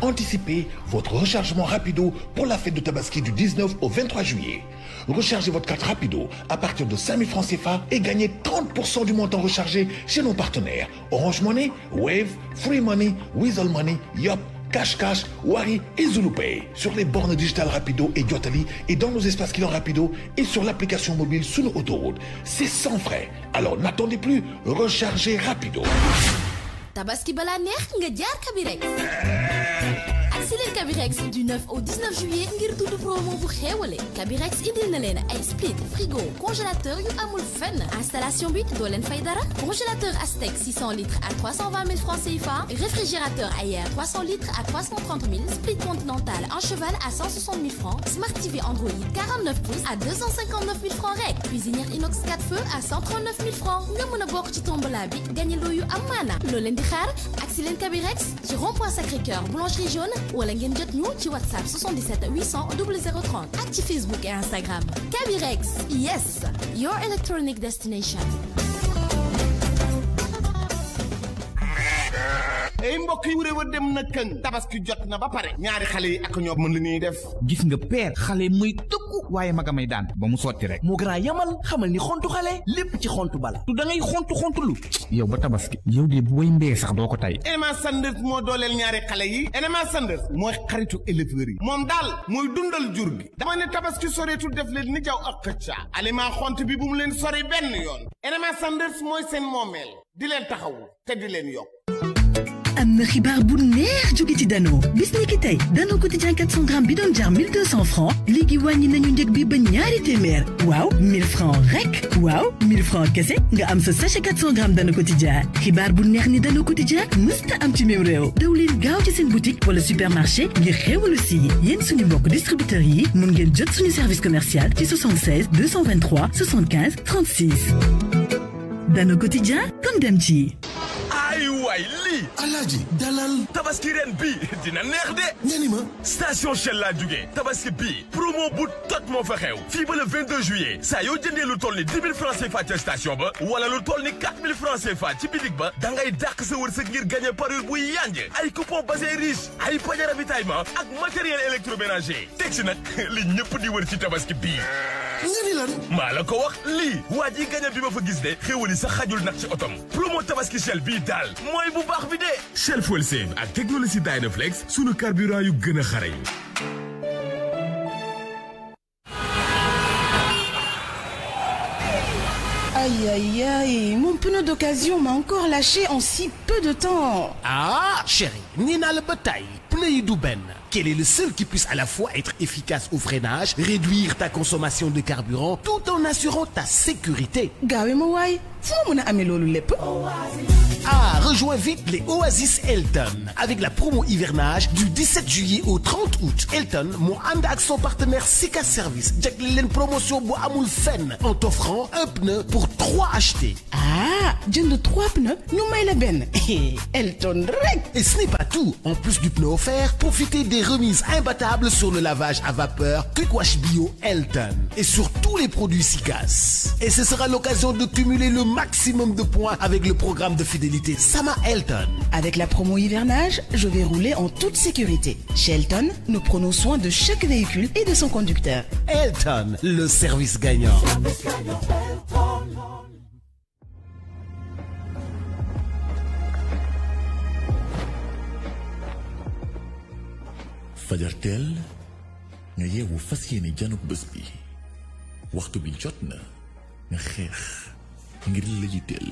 Anticipez votre rechargement rapido pour la fête de Tabaski du 19 au 23 juillet. Rechargez votre carte rapido à partir de 5000 francs CFA et gagnez 30% du montant rechargé chez nos partenaires Orange Money, Wave, Free Money, Weasel Money, Yop. Cash Cash, Wari et Zulupay. Sur les bornes digitales Rapido et Yotali et dans nos espaces clients Rapido et sur l'application mobile sous nos autoroutes. C'est sans frais. Alors n'attendez plus, rechargez Rapido. tabaski balaa neex nga jaar kabi rek eh. si Cabirex du 9 au 19 juillet ngir tout promo pour xeewale Cabirex indil na split frigo congélateur yu amul installation 8, Dolen Faidara. congélateur Aztec 600 litres à 320 000 francs CFA réfrigérateur Ayer 300 litres à 330 000 split continental en cheval à 160 000 francs Smart TV Android 49 pouces à 259 000 francs REC cuisinière inox 4 feux à 139 000 francs nga mën a la bi gagné yu amana maanaam len di xaar ak rond-point Sacré-Cœur boulangerie jaune wala ngeen jot whatsapp 77 800 0030 ak facebook et instagram kabirex yes your electronic destination ay mbokk yi wuré wa dem na këng tabaski jot na ba pare ñaari xale yi ak ñoo mën li ñuy def gis nga père xale muy tëkku waaye magamay daan ba mu sotti rek moo grand yamal xamal ni xontu xale lépp ci xontu bala tu da ngay xontu xontu lu yow ba tabaski yow de bu way mbee sax doo ko tey Enema Sanders moo dooleel ñaari xale yi Enema Sanders mooy xaritu éleveurs yi moom daal mooy dundal jur bi dama ne tabaski soreetul def leen ni jaw ak xëccaa aliment xont bi bu mu leen sori benn yoon Enema Sanders mooy seen moomeel di leen taxawu te leen yokk am na xibaar bu neex jóge ci dano bis ki tey dano quotidien 400 grammes bi doon jar 1200 francs léegi wàññi nañu njëg bi ba ñaari téeméer waaw 1000 francs rek waaw 1000 francs kese nga am sa sachet 400 grammes dano quotidien xibaar bu neex ni dano quotidien mësta am ci même réew daw leen gaaw ci seen boutique wala supermarché ngir xéewalu aussi. yéen suñu mbokk distributeur yi mun ngeen jot suñu service commercial ci 76 223 75 36 dano quotidien comme dem ci bi dalal tabaski ren bi dina neex de nga station Shell laa jógee tabaski bi promo bu tot moo fa xew ba le 22 juillet Sa yo jëndee lu toll ni 10 000 francs CFA ca station ba wala lu toll ni 4 000 francs CFA ci bitig ba da ngay dàq sa wërsëg ngir gagné parure bu yanj ay coupon basé riche ay panier ravitaillement ak matériel électroménager teg nak, li ñëpp di wër ci tabaski bi. nga ni lan maa la ko wax li. waa ji gagné bi ma fa gis de xéwali sax xajul nag ci otom promo tabaski Shell bi dal. mooy bu baax bi de Shell Fuel Save ak technologie Dynaflex sunu carburant yu gëna xaré Aïe aïe aïe, mon pneu d'occasion m'a encore lâché en si peu de temps. Ah, chérie, ni na la bataille, pneu du quel est le seul qui puisse à la fois être efficace au freinage, réduire ta consommation de carburant, tout en assurant ta sécurité. Ah, rejoins vite les Oasis Elton avec la promo hivernage du 17 juillet au 30 août. Elton mon hand son partenaire Sika Service Jack une promotion Bo amul en t'offrant un pneu pour 3 achetés. Ah, de 3 pneus nous may la Elton Et ce n'est pas tout, en plus du pneu offert, profitez des remise imbattable sur le lavage à vapeur Wash Bio Elton et sur tous les produits SICAS. Et ce sera l'occasion de cumuler le maximum de points avec le programme de fidélité Sama Elton. Avec la promo hivernage, je vais rouler en toute sécurité. Shelton, Elton, nous prenons soin de chaque véhicule et de son conducteur. Elton, Le service gagnant. fajar teel nga yeewu fas yéene janub bi waxtu bi jotna nga ngir la yitteel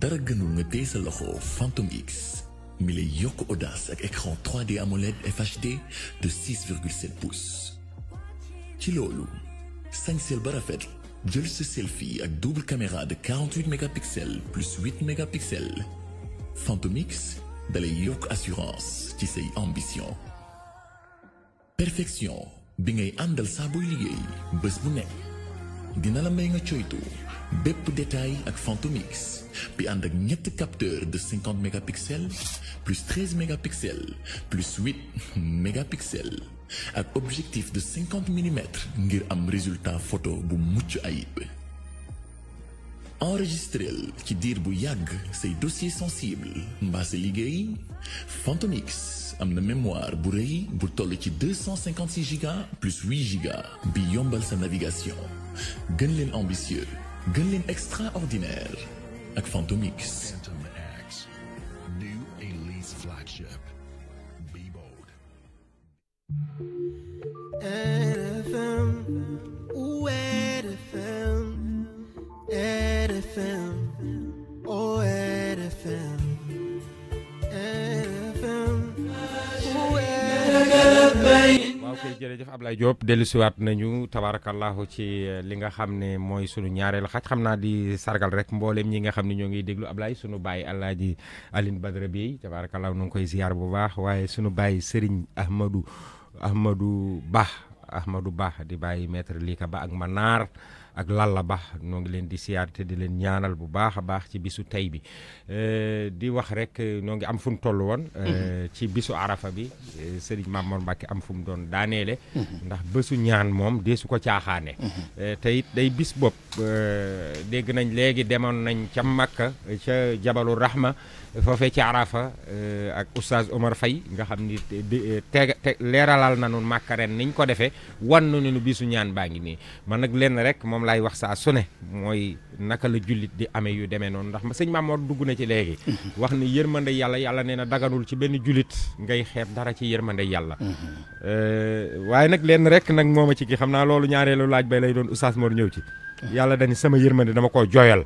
dara gënul nga téye sa Phantom X mi lay yokk audace ak écran 3D AMOLED FHD de 6,7 pouces ci loolu sañsel ba rafet jël sa selfie ak double caméra de 48 mégapixels plus 8 mégapixels Phantom X la Yok assurance ci c'est ambition perfection bi ngay àndal saa booy liggéey bu nekk dina la may nga coytu détail ak fantomix. bi ande ak capteur de 50 mégapixels plus 13 mégapixels plus 8 mégapixels ak objectif de 50 mm, ngir am résultat photo bu mucc ayib enregistré qui dit bu yag un dossier sensible mbaa sa liggéey Fontonix am mémoire bu bu tole 256 giga plus 8 giga bi sa navigation gën ambitieux gën len extraordinaire ak X. RFM, oh RFM, RFM, oh RFM. waaw kay dellusiwaat nañu tabaarakallaahu ci eh, li nga xam ne mooy sunu ñaareelu xaj xam naa di sargal rek mbooleem ñi nga xam ne ñoo ngi déglu Ablaye sunu baay Alaaji Aline Badara Bey tabaarakallaahu nu ngi koy ziar bu baax waaye sunu baay sëriñ Ahmadou Ahmadou Ba Ahmadou Ba di bàyyi maître lii ka ba ak naar ak Lalla Ba noo ngi leen di siyaar te di leen ñaanal bu baax a baax ci bisu tey bi Euh, di wax rek ñoo euh, ngi am fu mu toll woon. Euh, mhm. ci bisu arafa bi sëriñ Mamour Mbacke am fu mu doon daaneele. Mhm. ndax bésu ñaan moom deesu ko caaxaane. Mhm. te tey day bis bopp dégg nañ léegi demoon nañ ca Makka ca Jabalu Rahma foofee ci arafa ak oustaz Omar Faye nga xam ni te te leeralal na nun Makka ren niñ ko defee wan nañu nu bisu ñaan baa ngi nii man nag lenn rek moom laay wax saa su ne mooy naka la jullit di amee yu demee noonu ndax sëñ Mamour dugg na na ci léegi mm-hmm. wax ni yërmande yàlla yàlla nee na daganul ci benn julit ngay xeeb dara ci yërmande yàlla mm-hmm. euh, waaye nag lenn rek nag moom a ci ki xam naa loolu ñaareelu laaj bay lay doon oustaz Mor ñëw ci mm-hmm. yàlla dani sama yërmande dama koo jooyal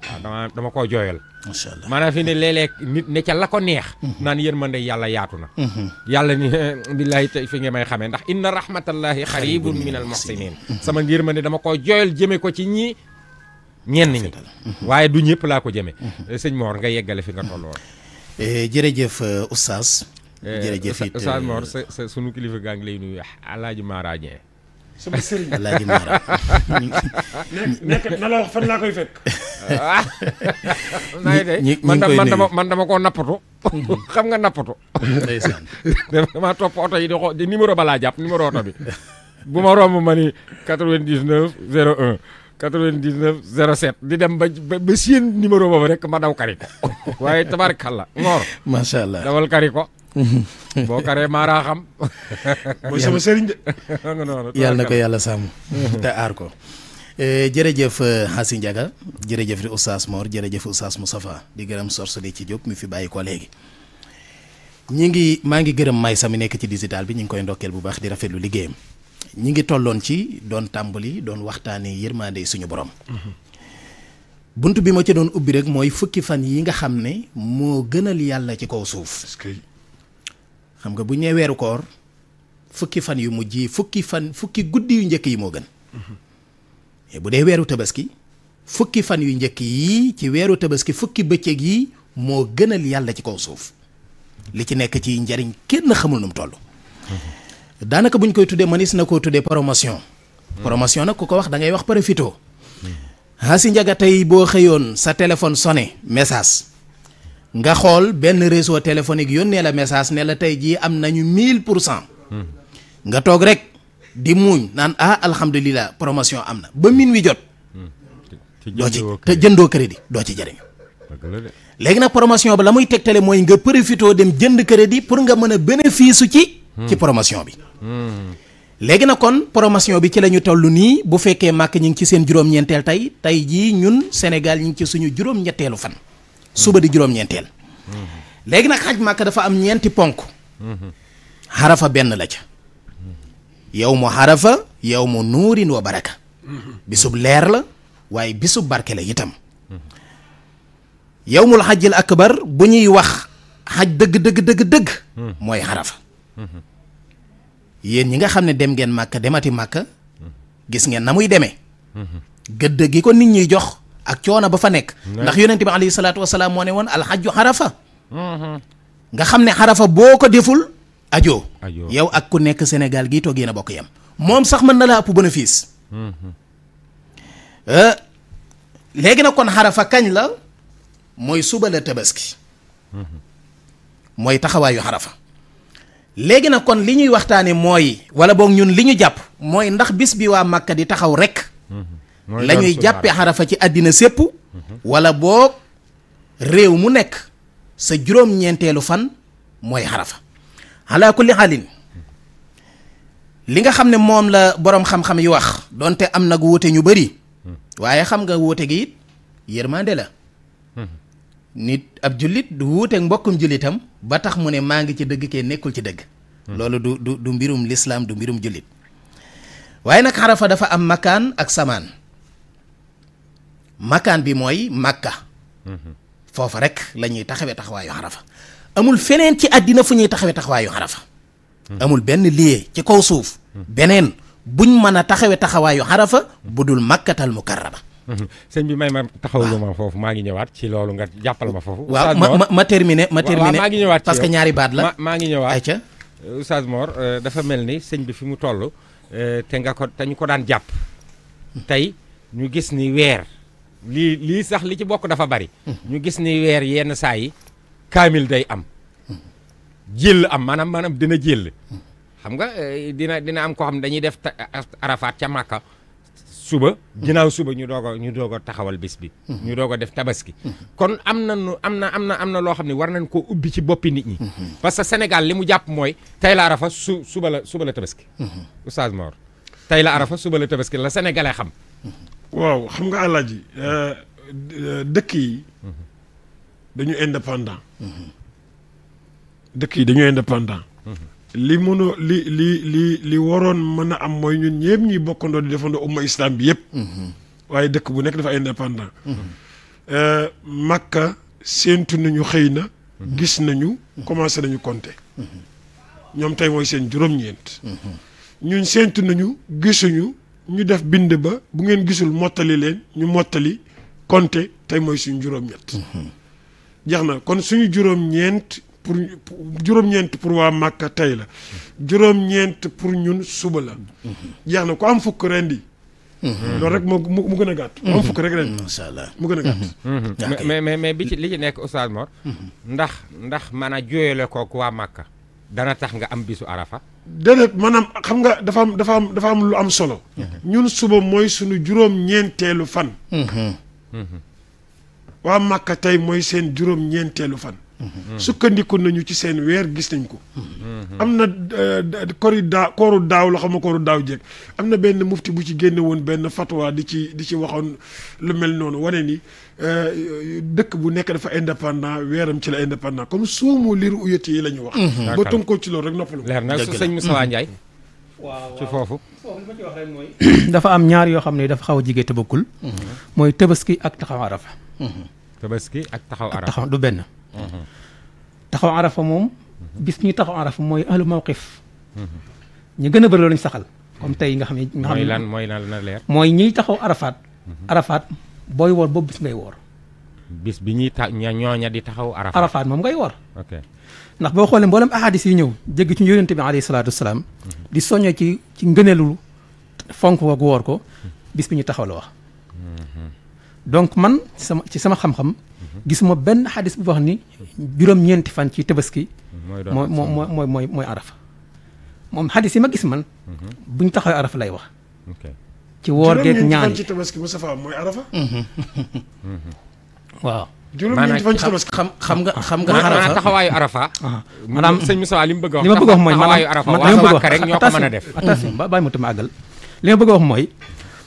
waaw ah, a dama koo jooyal macha allah maanaam fi ne léeg-léeg ne ca la ko neex naan yërmande yàlla yaatu na yàlla ni billahi tey fi nga may xamee ndax inna rahmatallahi xaribun min al muhsinin sama yërmande dama koo jooyal jëme ko ci ñi ñenn ñi mhm. waaye du ñëpp laa ko jëmee mhm. sëñ Mor nga yeggale fi nga tolloon eh, euh, eh, jërëjëf oustaz jërëjëf it oustaz euh, Mor sa sunu kilifa gaa ngi lay nuyu alaaji Mara Dieng sama sëriñ alaaji Mara nekk na la wax fan laa koy fekk naa ngi koy man dama man dama koo nappatu mhm. xam nga nappatu ndeysaan balaa jàpp numéro oto bi bu ma romb ma ni 99 01 99 07 di dem ba ba seen numéro boobu rek ma daw kari ko waaye tabaarkalla ngoor macha allah dawal kari ko boo karee maaraa xam mooy sama sëriñ de yàlla na ko yàlla sàmm te aar ko eh, jërëjëf Xaasi eh, Ndiaga jërëjëf di Oustaz Mor jërëjëf Oustaz Moustapha di gërëm source di ci Diop mi fi bàyyi ko léegi ñi ngi maa ngi gërëm may sami nekk ci digital bi ñu ngi koy ndokkeel bu baax di rafet lu liggéeyam ñi ngi tolloon ci doon tàmbali doon waxtaane yërmande suñu borom. bunt bi ma ci doon ubbi rek mooy fukki fan yi nga xam ne moo gënal yàlla ci kaw suuf. xam nga bu ñëwee weeru koor fukki fan yu mujj yi fukki fan fukki guddi yu njëkk yi moo gën. Mm-hmm. bu dee weeru tabaski fukki fan yu njëkk yi ci weeru tabaski fukki bëccëg yi moo gënal yàlla ci kaw suuf li ci nekk ci njariñ kenn xamul nu mu toll. Mm-hmm. daanaka buñ koy tuddee manis na koo tuddee promotion. promotion nag ku ko wax da ngay wax profito. Hmm. Asi Ndiaga tey boo xëyoon sa téléphone sonné message. nga xool benn réseau téléphonique nee la message ne la tey jii am nañu mille pour cent. Hmm. nga toog rek di muuñ naan ah alhamdulilah promotion am na ba min wi jot. Hmm. doo ci te jëndoo crédit doo ci jëriñu. léegi nag promotion ba la muy tegtale mooy nga profité dem jënd crédit pour nga mën a bénéfice ci. ci promotion bi. léegi nag kon promotion bi ci lañu ñu toll nii bu fekkee màkk ñu ngi ci seen juróom-ñeenteel tey tey jii ñun Sénégal ñu ngi ci suñu juróom-ñetteelu fan. suba di juróom-ñeenteel. léegi nag xaj màkk dafa am ñeenti ponk. xarafa benn la ca. yow mu xarafa yow mu nuurin wa baraka. bisub leer la waaye bisub barke la itam. yowmul xajjil akbar bu ñuy wax xaj dëgg dëgg dëgg dëgg. mooy xarafa. yéen ñi nga xam ne dem ngeen màkk demati màkk gis ngeen na muy demee gëdd gi ko nit ñiy jox ak coono ba fa nekk ndax yonent bi alayhi salaatu wasalaam moo ne woon alxajju xarafa mm-hmm. nga xam ne xarafa boo ko deful ajo yow ak ku nekk Sénégal gii toog yéen a bokk yam moom sax mën na laa ëpp bénéfice mm-hmm. euh, léegi nag kon xarafa kañ la mooy suba la tabaski mm-hmm. mooy taxawaayu xarafa léegi nag kon li ñuy waxtaanee mooy wala boog ñun li ñu jàpp mooy ndax bis bi waa Màkka di taxaw rek. Mhm. la ñuy jàppee Arafa ci àddina sépp mhm. wala boog réew mu nekk sa juróom-ñeenteelu fan mooy Arafa. ala kulli xaalin li nga xam ne moom la boroom xam-xam yi wax donte am nag woote ñu bari mhm. waaye xam nga wuute gi it yërmande la. nit ab jullit du wuuteeg mbokkum jullitam ba tax mu ne maa ngi ci dëgg kee nekkul ci dëgg hmm. loolu du du du mbirum lislaam du mbirum jullit waaye nag xarafa dafa am makaan ak samaan makaan bi mooy makka hmm. foofa rek lañuy ñuy taxawee taxawaayu xarafa amul feneen ci àddina fu ñuy taxawee taxawaayu xarafa hmm. amul benn lieu ci kaw suuf beneen buñ mën a taxawee taxawaayu xarafa bu dul màkkatal mukarrama sëñ bi may ma taxawlu ma foofu maa ngi ñëwaat ci loolu nga jàppal ma foofu. waaw ma ma terminé ma terminé maa ngi ñëwaat parce ñaari baat la maa ngi ñëwaat ayca. Oustaz Mor euh, dafa mel ni sëñ bi fi mu toll euh, te nga ko ko daan jàpp tey ñu gis ni weer lii lii sax li ci bokk dafa bari. Mhm. ñu gis ni weer yenn saa yi kaamil day am. jël am maanaam maanaam dina jël. Mhm. xam nga euh, dina dina am koo xam ne dañuy def arafaat ca Màkka. suba ginnaaw suba ñu doog a ñu doog a taxawal bés bi. Mhm. ñu doog a def tabaski. Mhm. kon am na nu am na am na am na loo xam ne war nañ koo ubbi ci boppi nit ñi. Mhm. parce que Sénégal li mu jàpp mooy tey la arafa su suba la suba la tabaski. oustaz Mor tey la arafa suba la tabaski la sénégalais xam. waaw xam nga alaaji euh, dëkk yi dañu indépendant. dëkk yi dañu indépendant. li mënoo li li li li waroon mën a am mooy ñun ñëpp ñuy bokkandoo di defandoo umma islam bi yëpp. Mm-hmm. waaye dëkk bu nekk dafa indépendant. Mm-hmm. Euh, Makka séentu nañu xëy na. Mm-hmm. gis nañu. commencé nañu compter. ñoom tey mooy seen juróom-ñeent. ñun séentu nañu gisuñu ñu def bind ba bu ngeen gisul mottali leen ñu mottali compter tey mooy suñu juróom-ñett. jeex na kon suñu juróom-ñeent pour juróom-ñeent pour wa makka tay la juróom ñent pour ñun suba la jeex na ko am fukk rendi loolu rek mo mu gën am fukk rek rendi inshallah allah mu gën a mm-hmm. mais mais mais bi ci li ci nek oustad Mor mm-hmm. ndax ndax joyele ko ko wa makka dana tax nga am bisu arafa déedéet manam xam nga dafa am dafa am dafa am lu am solo mm-hmm. ñun suba moy suñu juróom ñentelu fan wa makka tay moy seen juróom ñentelu fan sukkandiku nañu ci seen weer gis nañ ko. am na euh, kori daaw kooru daaw la ma kooru daaw jekk am na benn mufti bu ci génne woon benn fatwa di ci di ci waxoon lu mel noonu wane ni euh, dëkk bu nekk dafa indépendant weeram ci la indépendant comme suumu liru uyati yi la ñu wax. Mhm. ba tënkoo ci loolu rek noppalu. leer na su sëñ Moussa Ndiaye. Mhm. waaw ci foofu. dafa am ñaar yoo xam ne dafa xaw a jigéen te bokkul. Mhm. mooy tabaski ak taxaw arafa. tabaski ak taxaw arafa du benn. taxaw arafa moom bis ñu taxaw arafa mooy ahlu mawqif ñu gën a bëri loolu saxal comme tey nga xam ne nga xam ne mooy lan mooy lan leer mooy ñiy taxaw arafaat arafaat booy woor boobu bis ngay woor bis bi ñuy ta ñooña di taxaw arafaat arafaat moom ngay woor ndax boo xoolee mboolem ahadis yi ñëw jégg ci yonente bi alayhi salaatu wasalaam di soññee ci ci ngëneelu fonk woog woor ko bis bi ñu taxaw la wax mhm. donc man sama ci sama xam-xam gisuma ben hadith bu wax ni juróom ñent fan ci tabaski mooy mooy mooy mooy mooy arafa mom hadith yi ma gis man mhm. buñ taxaw arafa lay wax ci wor geek ñaan ci tabaski Moustapha moy arafa mhm. waaw juróom ñent fan ci tabaski xam xam nga ah. xam nga arafa taxawaayu arafa ah. maanaam sëñ Moustapha li bëgg wax li bëgg a wax mooy taxawaayu arafa wax rek ñoo ko def attention bàyyi ma tama àggal li bëgg wax mooy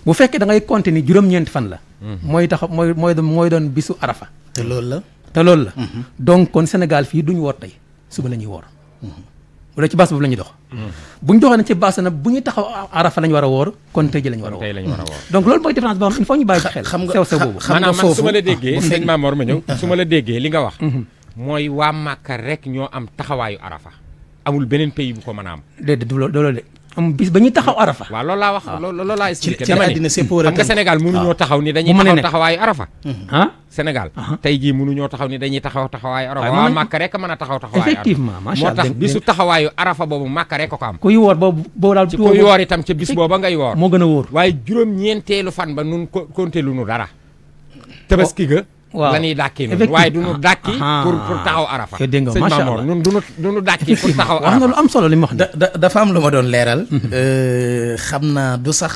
bu fekkee da ngay compter ni juróom fan la mooy tax mooy mooy doon mooy doon bisu arafa. te loolu la. te loolu la. Mhm. donc kon Sénégal fii du ñu woor tey suba la ñuy woor. bu mhm. dee ci baas boobu la dox. Mhm. bu ñu doxee nag ci baas na bu ñu taxaw arafa la war a woor kon tey ji la ñu war a woor. donc loolu mooy différence boo xam ne il faut ñu bàyyi xel. xam nga sew-sew boobu ah, ñëw ah, ah. su la déggee li nga wax. mooy waa Màkka rek ñoo am taxawaayu arafa amul beneen pays bu ko man a am. déedéet du loolu de. bis ba ñuy taxaw arafa. waaw loolu laa wax loolu laa expliqué. dama ne xam nga Sénégal mënuñoo taxaw ni dañuy taxaw taxawaayu arafa. Ah? ah tey jii mënuñoo taxaw ni dañuy taxaw taxawaayu arafa. waaw màkk rek mën a taxaw taxawaayu. effectivement macha allah moo tax bisu taxawaayu arafa boobu màkk rek ko am. kuy woor boobu boobu daal ci kuy woor itam ca bis booba ngay woor. moo gën a wóor waaye juróom-ñeenteelu fan ba nun ko konte lu nu dara tabaski ga waaw la ñuy dàkki noonu waaye du ñu dàkki. Ah. pour pour taxaw arafa. dégg nga macha lu am solo li mu wax da dafa am lu ma doon leeral. Hmm. Euh, xam naa du sax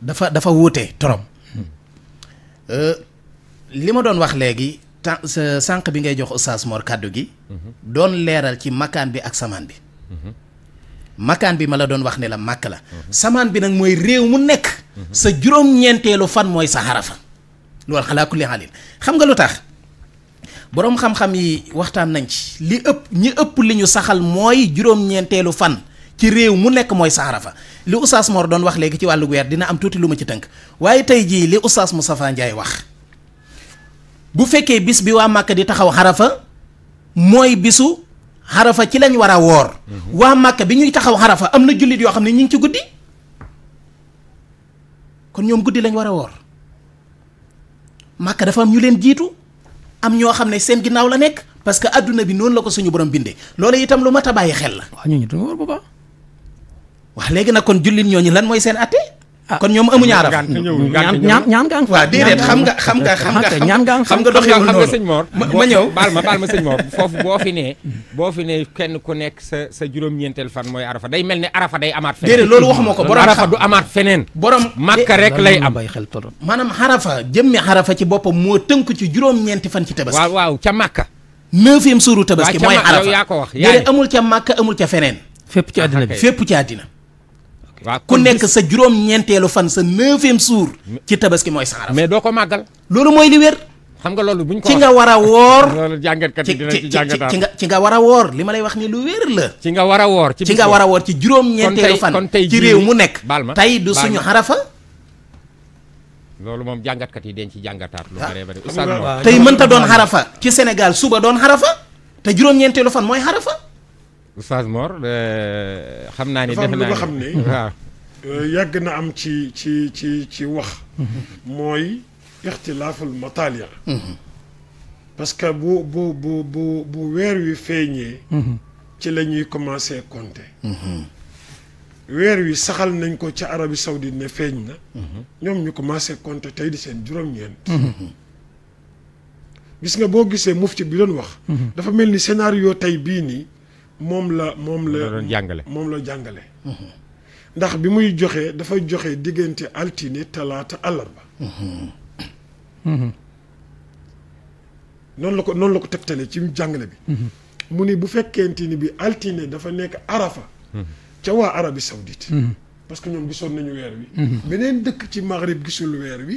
dafa dafa wuute trop. Hmm. Euh, li ma doon wax léegi tan sànq bi ngay jox Oustaz Mor kàddu gi. Hmm. doon leeral ci makkaan bi ak samaan bi. makkaan bi ma la doon wax ne la màkk la. samaan bi nag mooy réew mu nekk. sa juróom-ñeenteelu fan mooy sa arafa. loolu xalaa kulli xaalin xam nga lu tax boroom xam-xam yi waxtaan nañ ci li ëpp ñi ëpp li ñu saxal mooy juróom-ñeenteelu fan ci réew mu nekk mooy saxara fa li Oustaz Mor doon wax léegi ci wàllu weer dina am tuuti lu ma ci tënk waaye tey jii li mu Moustapha Ndiaye wax bu fekkee bis bi waa Màkka di taxaw xarafa mooy bisu xarafa ci lañ war a woor mhm. waa Màkka bi ñuy taxaw xarafa am na jullit yoo xam ne ñu ngi ci guddi kon ñoom guddi lañ war a woor makka dafa am ñu leen jiitu am ñoo xam ne seen ginnaaw la nekk parce que adduna bi noonu la ko suñu borom binde loolu itam lu mata a bàyyi xel la. waaw ñooñu du wóor bu baax. wax léegi nag kon jullit ñooñu lan mooy seen atte Ah. kon ñoom amuñu araf ñaan ñaan ñaan gaa ngi fa xam nga xam nga ah, xam nga ñaan gaa ngi fa xam nga doxewul noonu sëñ Mor ma ñëw baal ma baal ma sëñ Mor foofu boo fi ne boo fi ne kenn ku nekk sa sa juróom-ñeenteel fan mooy arafa day mel ne arafa day amaat feneen déedéet loolu waxuma ko borom arafa du amaat feneen borom màkka rek lay am maanaam arafa jëmmi arafa ci boppam moo tënk ci juróom-ñeenti fan ci tabaski waaw waaw ca màkka neuvième suuru tabaski mooy arafa yaa ko wax amul ca màkka amul ca feneen fépp ci àddina bi fépp ci àddina waaw ku nekk sa juróom-ñeenteelu fan sa neuvième suur ci tabaski mooy san raf mais doo ko màggal loolu mooy li wér xam nga loolu buñ ko ci nga war a woor loolu jàngatkat yi dina ci jàngataat ci nga war a woor li ma lay wax ni lu wér la ci nga war woor ci nga war a woor ci juróom-ñeenteelu fan ci réew mu nekk baal ma tey du suñu xarafa loolu moom jàngatkat yi den ci jàngataat lu ah. bare bare tey mënta doon xarafa ci Sénégal suba doon xarafa te juróom-ñeenteelu fan mooy xarafa استاذ مور خمنا ني دهنا لا خمني يغنا ام تي تي تي تي واخ موي اختلاف المطالع باسكو بو بو بو بو بو وير وي فيني تي لا ني كومونسي كونتي وير وي سخال نانكو تي عربي سعودي ني فيننا نيوم ني كومونسي كونتي تاي دي سين جوروم نيت gis nga boo gisee mufti bi doon wax mhm. dafa mel ni scénario tey bii nii moom la moom la jàngale moom la jàngale ndax bi muy joxee dafa joxe diggante altine talaata àllarba noonu la ko noonu la ko tegtalee ci jàngale bi mu ni bu fekkente ni bi altine dafa nekk arafa ca waa Arabie Saoudite parce que ñoom gisoon nañu weer bi beneen dëkk ci maghrib gisul weer wi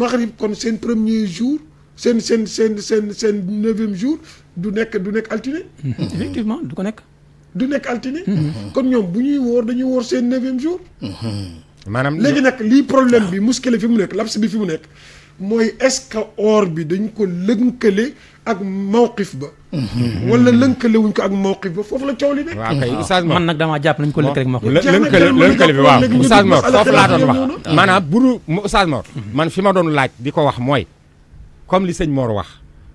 maghrib kon seen premier jour sen sen sen sen 9 neuvième jour du nek du nek mhm. effectivement du ko nek du nek altiné mhm. kon ñom bu ñuy dañuy sen neuvième jour. manam mhm. légui nak li problème bi musclé fi mu nek laps bi fi mu est-ce que or bi dañ ko leunkelé ak mawqif ba. wala leunkelé wuñ ko ak mawqif ba fofu la coow ah, man ko Mor wax Mor man fi ma laaj wax comme li sëñ Mor wax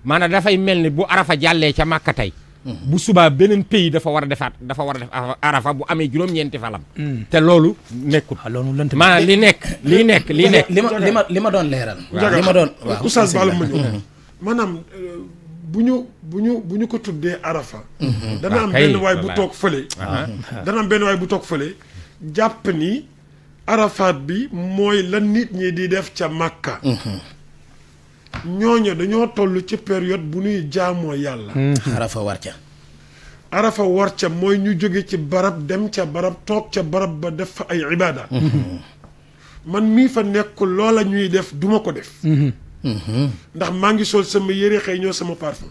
maanaam dafay mel ni bu arafa jàllee ca Màkka tey. bu subaa beneen pays dafa war a defaat dafa war a def arafa bu amee juróom-ñeenti falam. Hmm. te loolu nekkul. Ah, loolu maanaam li nekk li nekk li nekk. li ma li ma li ma doon leeral. li ma doon waaw oustaz Ba ma ñëw hmm. maanaam euh, bu ñu bu ñu bu ko tuddee arafa. Hmm. Ah, dana am benn waay bu bu toog fële jàpp ni. arafaat bi mooy la nit ñi di def ca Makka. ñooña dañoo toll ci période bu ñuy jaamoo yàlla. Mm-hmm. arafa war ca. arafa war mooy ñu jóge ci barab dem ca barab toog ca barab ba def fa ay ibaada. Mm-hmm. man mii fa nekk loola ñuy def duma ko def. Mm-hmm. ndax maa ngi sol sama yére xëy ñoo sama parfum.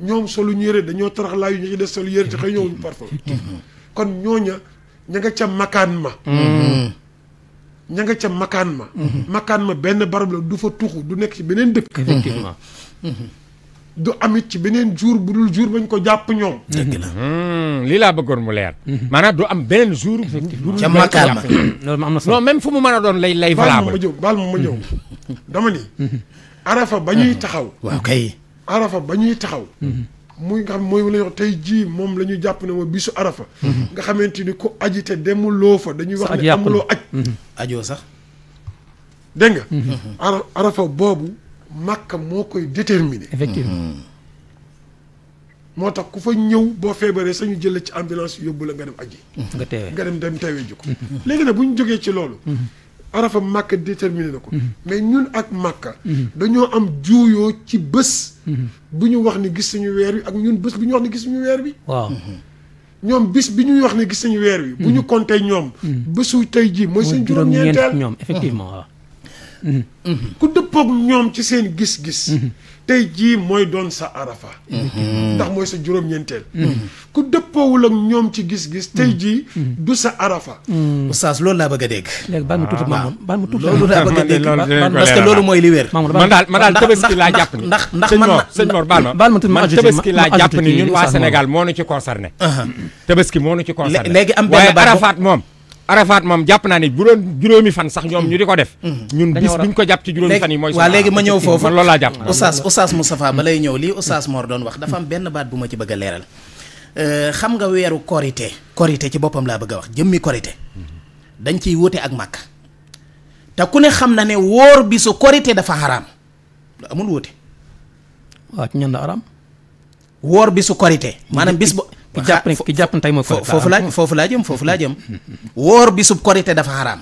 ñoom solu ñu yére dañoo tarax laa ñu ci des sol yére te xëy ñoo wuñu parfum. kon ñooña ña nga ca makaan ma. ña nga ca makaan ma mhm. makaan ma benn barab la du fa tuxu du nekk ci beneen dëkk effectivement mhm. du amit ci beneen jour bu dul jour bañ ko jàpp ñoom dëgg la mhm. lii laa bëggoon mu leer maanaam du am beneen jour ca makaan ma loolu am na solo non fu mu mën a doon lay lay valable ma ñëw baal ma ma ñëw dama ni arafa ba ñuy taxaw waaw kay arafa ba ñuy taxaw muy nga xam mooy la ñuy wax tey jii moom la ñu jàpp ne mooy bisu arafa. Mhm. nga xamante ni ku aji te loo fa. dañuy wax ne amuloo aj mhm. ajoo sax. dégg nga. Mhm. arafa boobu màkka moo koy déterminer. effectivement. moo tax ku fa ñëw boo feebaree sañu jël ci ambulance yóbbu la nga dem aji. nga teewee nga dem dem teewee ji léegi nag bu ñu jógee ci loolu. arafa màkka déterminé na ko mhm. mais ñun ak màkka mhm. dañoo am juuyoo ci bës mhm. bu ñu wax ni gis suñu weer bi ak ñun bës bi ñu wax ni gis suñu weer bi waaw ñoom bis bi ñuy wax ni gis suñu weer bi bu ñu compté ñoom bësu tey ji mooy seen juróom-ñeenteel ñoom effectivement waaw ku dëppoog ñoom ci seen gis-gis tey jii mooy doon sa arafa. ndax mooy sa juróom-ñeenteel. ku dëppoowul ak ñoom ci gis-gis. tey jii du sa arafa. oustaz loolu laa bëgg a dégg. léegi baal ma tuuti ah, Mamoun baal ma tuuti a dégg laa jàpp ni. ndax ndax man sëñ Mor baal ma baal ma tuuti ma ajouté laa jàpp ni ñun waa Sénégal moo nu ci concerné. tabaski moo nu ci concerné. léegi arafaat moom. Arafat moom jàpp naa ne bu doon juróomi fan sax ñoom ñu di ko def. Mm-hmm. Mm-hmm. ñun bis buñ ko jàpp ci juróomi fan yi mooy. waaw léegi ma ñëw foofu loolu laa jàpp. Oustaz Oustaz Moustapha ba lay ñëw lii Oustaz Mor doon wax dafa am benn baat bu ma ci bëgg a leeral. Euh, xam nga weeru korite korite ci boppam laa bëgg a wax jëmmi korite mm-hmm. dañ ciy wute ak màkk te ku ne xam na ne wóor bisu korite dafa xaraam amul wute. waaw ci ñan la xaraam. woor bisu korite maanaam bis ki jàpp ki jàpp tey mooy foofu laa foofu laa jëm foofu laa jëm woor bisu sub korite dafa xaraam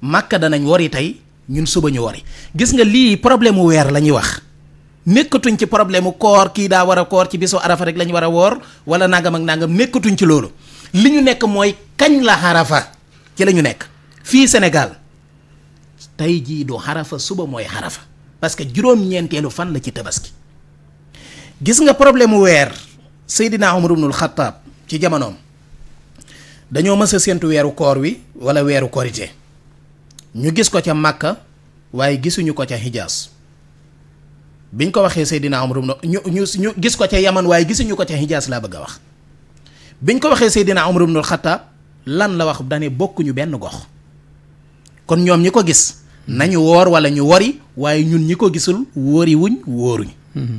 màkka danañ wori tey ñun suba ñu wori gis nga lii problème mu weer la ñuy wax nekkatuñ ci problème mu koor kii daa war a koor ci bisu arafa rek la ñu war a woor wala nangam ak nangam nekkatuñ ci loolu li ñu nekk mooy kañ la xarafa ci la ñu nekk fii senegal tey jii du xarafa suba mooy xarafa parce que juróom-ñeenteelu fan la ci tabaski gis nga problème mu weer Seydina Umar ibnul Xattaab ci jamonoom dañoo mës a weeru koor wi wala weeru korite ñu gis ko ca màkka waaye gisuñu ko ca Hijaas biñ ko waxee Seydina Umar ibnu ñu gis ko ca Yaman waaye gisuñu ko ca Hijaas laa bëgg a wax biñ ko waxee Seydina Umar ibnul Xattaab lan la wax dane bokkuñu benn gox kon ñoom ñi ko gis nañu woor wala ñu wori waaye ñun ñi ko gisul wóori wuñ wóoruñ mm-hmm.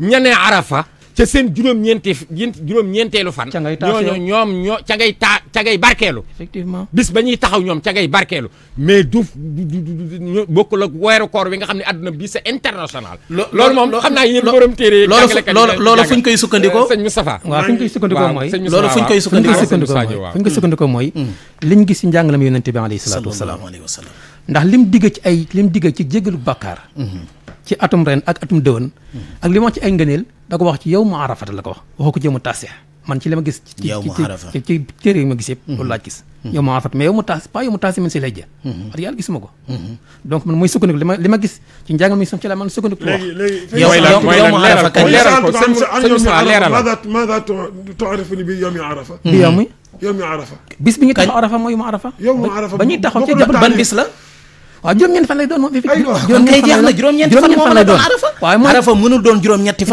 ña ne arafa ca seen juróom-ñeenti juróom-ñeenteelu fan. ñoo ñoo ñoom ñoo ca ngay taa ca ngay barkeelu. effectivement bis ba taxaw ñoom ca ngay barkeelu mais du bokku ak wéru koor wi nga xamni aduna bi c'est international. lool mom xamna yeen borom téré lool lool fuñ koy sukkandiko sëñ mustafa wa fuñ koy sukkandiko moy lool fuñ koy sukkandikoo euh, fuñ koy sukkandiko moy mm. liñ gis ci jangalam yoonte bi alayhi salaatu wassalam ndax lim digge ci ay lim digge ci jégalu bàkkaar mm-hmm. ci atum ren ak atum dëwën ak li ma wax ci ay ngëneel da ko wax ci yow mu arafata la ko wax waxu ko jëmu taasix man ci li ma gis ci ci téere yi ma gis yëpp loolu laa gis yow mu arafata mais yow mu taasi min si lay jë wax yàlla gisuma donc man mooy sukkandiku li gis ci njàngal mi sof wax yow leeral maada tuarifuni bi yawmi arafa bis bi ñu taxaw arafa mooy yow mu arafa ba ñuy taxaw ci ban bis la waaw juróom-ñeenti fan lay doon moom effectivement kay jeex na juróom-ñeenti fan moo mën a doon arafa waaw arafa mënul doon mënul doon juróom-ñeenti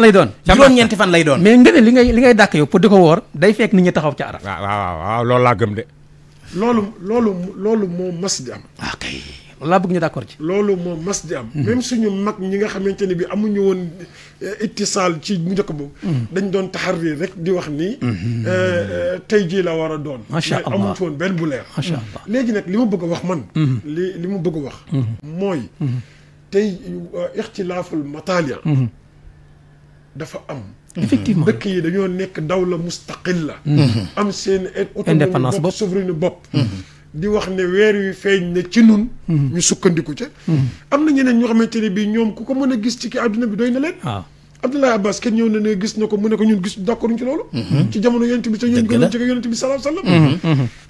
lay doon juróom-ñeenti fan lay doon mais nga li ngay li ngay dàkk yow pour di ko woor day fekk nit ñi taxaw ci arafa waaw waaw loolu laa gëm de loolu loolu loolu moo mas di am ah, loolu laa bëgg ñu d'accord ci. loolu moom mas di am. même suñu mag ñi nga xamante ne bi amuñu woon ittisaal ci njëkk boobu. dañ doon taxarri rek di wax ni. tey jii la war a doon. macha allah mais amuñu woon benn bu leer. macha allah léegi nag li ma bëgg a wax man. li li ma bëgg a wax. mooy. tey ixtilaaful mataalia dafa am. effectivement dëkk yi dañoo nekk dawla mustaqilla am seen. indépendance bopp souveraine bopp. di wax ne weer wi feeñ na ci nun mhm. ñu sukkandiku ca. Mhm. am na ñeneen ñoo xamante ne bii ñoom ku ko mën a gis ci ki àdduna bi doy na leen. waaw ah. Abdoulaye Abbas kenn ñëw na ne gis na ko mu ne ko ñun gis d'accorduñ ci loolu. Mhm. ci jamono yonent bi te ñun gënoon ci yonent bi salaam salaam.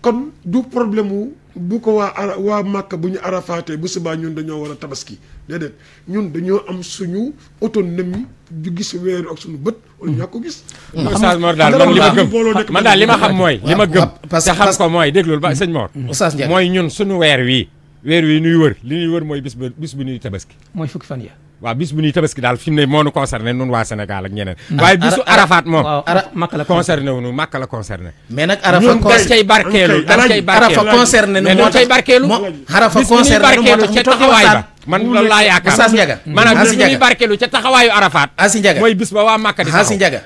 kon du problème wu bu ko waa ara waa Màkka bu ñu arafaatee bu subaa ñun dañoo war a tabaski. déedéet ñun dañoo am suñu autonomie du gis weer ak suñu bët. wala ñaa ko gis. Hmm. Oustaz Mor daal man li ma gëm man daal li ma xam mooy. li ma gëm te xam ko mooy déglul ba hmm. sëñ Mor. Oustaz Ndiaye mooy ñun suñu weer wi weer wi nuy wër li ñuy wër mooy bis bis bu ñuy tabaski. mooy fukki fan ya waaw bis bu ñuy tabaski daal fi mu ne moo nu concerné nun waa Sénégal ak ñeneen. Mm. waaye bisu Arafat moom. ara makka la concerné wu nu makka la concerné. mais nag Arafa kon dañ cay barkeelu dañ cay barkeelu Arafa concerné moo tax Arafa barkeelu ca taxawaayu Arafat. Asi Ndiaga mooy bis ba waa makka di taxaw Asi Ndiaga.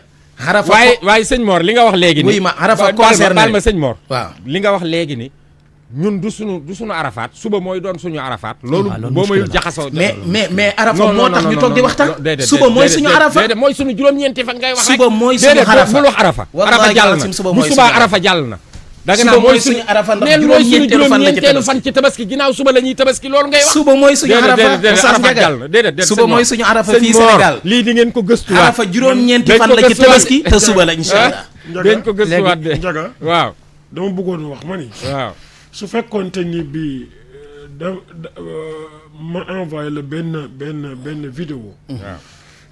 Arafa waaye waaye sëñ Mor li nga wax léegi. wuy ma li nga wax léegi ni ñun du suñu du suñu arafaat suba mooy doon suñu arafaat. Ah, loolu boo mayul jaxasoo. mais mais mais arafa moo tax ñu toog di suba mooy suñu arafa déedéet mooy suñu juróom-ñeenti mooy suñu arafa déedéet bul wax arafa. arafa jàll na bu subaa arafa jàll na. da nga naan mooy suñu arafa ndax juróom-ñeenteelu suba loolu ngay wax. suba mooy suñu arafa Oustaz Ndiaga déedéet suba mooy suñu arafa fii Sénégal lii di ngeen ko gëstuwaat arafa juróom-ñeenti waaw dama bëggoon wax ma ni waaw su fekkoonte ni bii euh, da euh, ma envoyé la benn benn benn vidéo mm-hmm.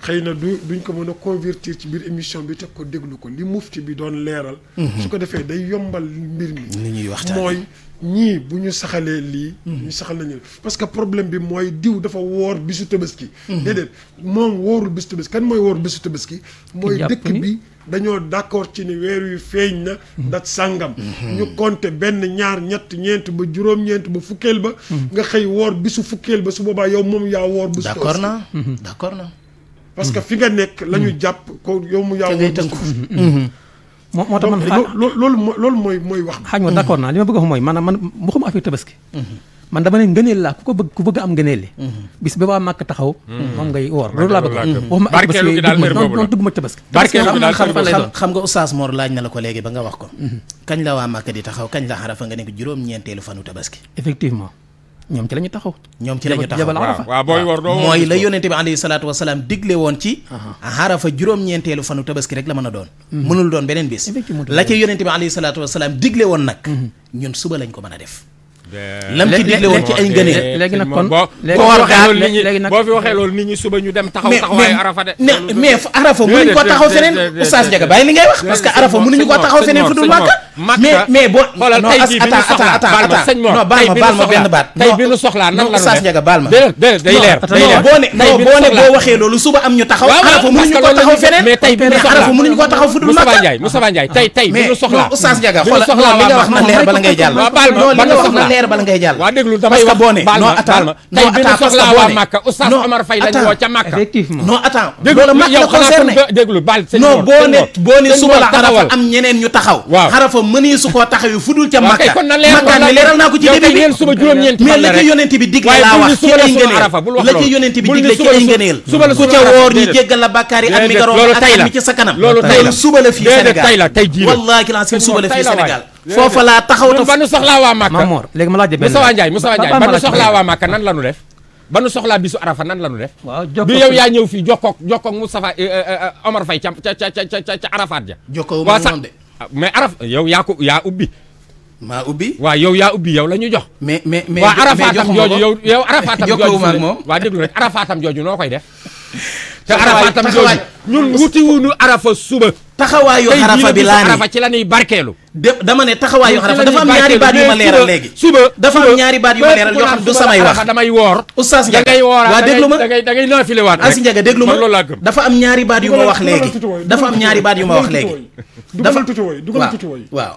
xëy na du duñ ko mën a convertir ci biir émission bi teg ko déglu ko li mufti bi doon leeral mm-hmm. su ko defee day yombal mbir mi li ñuy waxtaan mooy ñii bu ñu saxalee lii. Hmm. ñu saxal nañu parce que problème bi mooy diw dafa woor bisu tabaski. Hmm. déedéet moom woorul bisu tabaski kan mooy woor bisu tabaski. mooy dëkk bi dañoo d'accord ci ni weer wi feeñ na. Hmm. dat sàngam. ñu compter benn ñaar ñett ñeent ba juróom-ñeent ba fukkeel ba. nga xëy woor bisu fukkeel ba su boobaa yow moom yaa woor. bisu tabaski d'accord naa d'accord parce que fi nga nekk la jàpp ko yow mu yaa woor bisu moo tax man ah. loolu loolu mooy mooy wax. xaaj ma mm-hmm. d'accord naa li ma bëgg a wax mooy maanaam man waxuma affaire tabaski. Mm-hmm. man dama ne ngëneel laa ku ko bëgg ku bëgg am ngëneel li mm-hmm. bis ba waa màkk taxaw. moom ngay woor loolu laa bëgg. waxuma barkeelu gi daal mbir boobu la dugg ma tabaski. barkeelu gi daal xam nga xam nga oustaz Mor laaj na la ko léegi ba nga wax ko. kañ la waa màkk di taxaw kañ la xarafa nga nekk juróom-ñeenteelu fanu tabaski. effectivement ñoom ci lañu ñu taxaw. ñoom ci la ñu taxaw waaw waaw booy war do mooy la yónnente bi alayhi salaatu wa salaam digle woon ci. xarafa juróom-ñeenteelu fanu tabaski rek la mën a doon. Mhm. mënul doon beneen bis. la ca yónnente bi alayhi salaatu wa salaam digle woon nag. Mhm. ñun suba lañ ko mën a def. lam ci digle woon ci ay ngëneel léegi nag kon boo fi waxee loolu nit ñi suba ñu dem taxaw taxawaayu arafa de mais arafa mënuñu ko taxaw ko taxaw feneen fu dul Makka mais mais boo xoolal tey jii bi ñu soxlaa baal ma sëñ Mor non baal ma baal ma benn baat tey ñu soxlaa nan la oustaz Ndiaga baal ma day leer boo ne non am ñu taxaw arafa ñu ko taxaw fu dul Makka Ndiaye Moustapha Ndiaye tey tey bi ñu soxlaa oustaz Ndiaga xoolal li nga wax na leer bala ngay teer bala ngay jàll. waa déglu damay wax boo ne non attends tey bi ñu suba la xarafa am ñeneen ñu taxaw waaw xarafa mënii su koo taxaw yu fudul ca Màkka Màkka ni leeral naa ko ci début bi la ci yonent bi digle laa wax ci ay ngëneel la ku ca woor ñu jéggal la bàkkaar yi mi nga room mi ci sa kanam loolu suba la fii Sénégal wallahi ki la suba la fii Sénégal foofa laa taxaw ta banu soxlaa waa Màkka Mamor léegi ma laaj de benn Moussa Ndiaye Moussa Ndiaye banu soxlaa waa Màkka nan la nu def banu soxlaa bisu arafa nan la nu def bi yow yaa ñëw fii jokkoog jokkoog Moustapha eh, eh, eh, Omar fay ca ca ca ca Arafat ja jokkoo ma noonu ah, mais yow yaa yaa ubbi maa ubbi waaw yow yaa ubbi yow la ñu jox mais mais mais waaw arafaatam jooju yow yow arafaatam jooju jokkoo ma ak moom jooju noo koy def te arafa tam jooju ñun wutiwuñu arafa suba. taxawaayu arafa bi laa ne arafa ci la ñuy barkeelu. de dama ne taxawaayu arafa dafa am ñaari baat yu ma leeral léegi. suba dafa am ñaari baat yu ma yoo xam du samay wax. damay woor. oustaz Ndiaga da ngay wooraa da ngay da ngay da ngay naafilewaat rek. as Ndiaga déglu ma dafa am ñaari baat yu ma wax léegi. dafa am ñaari baat yu ma wax léegi. dafa waaw waaw.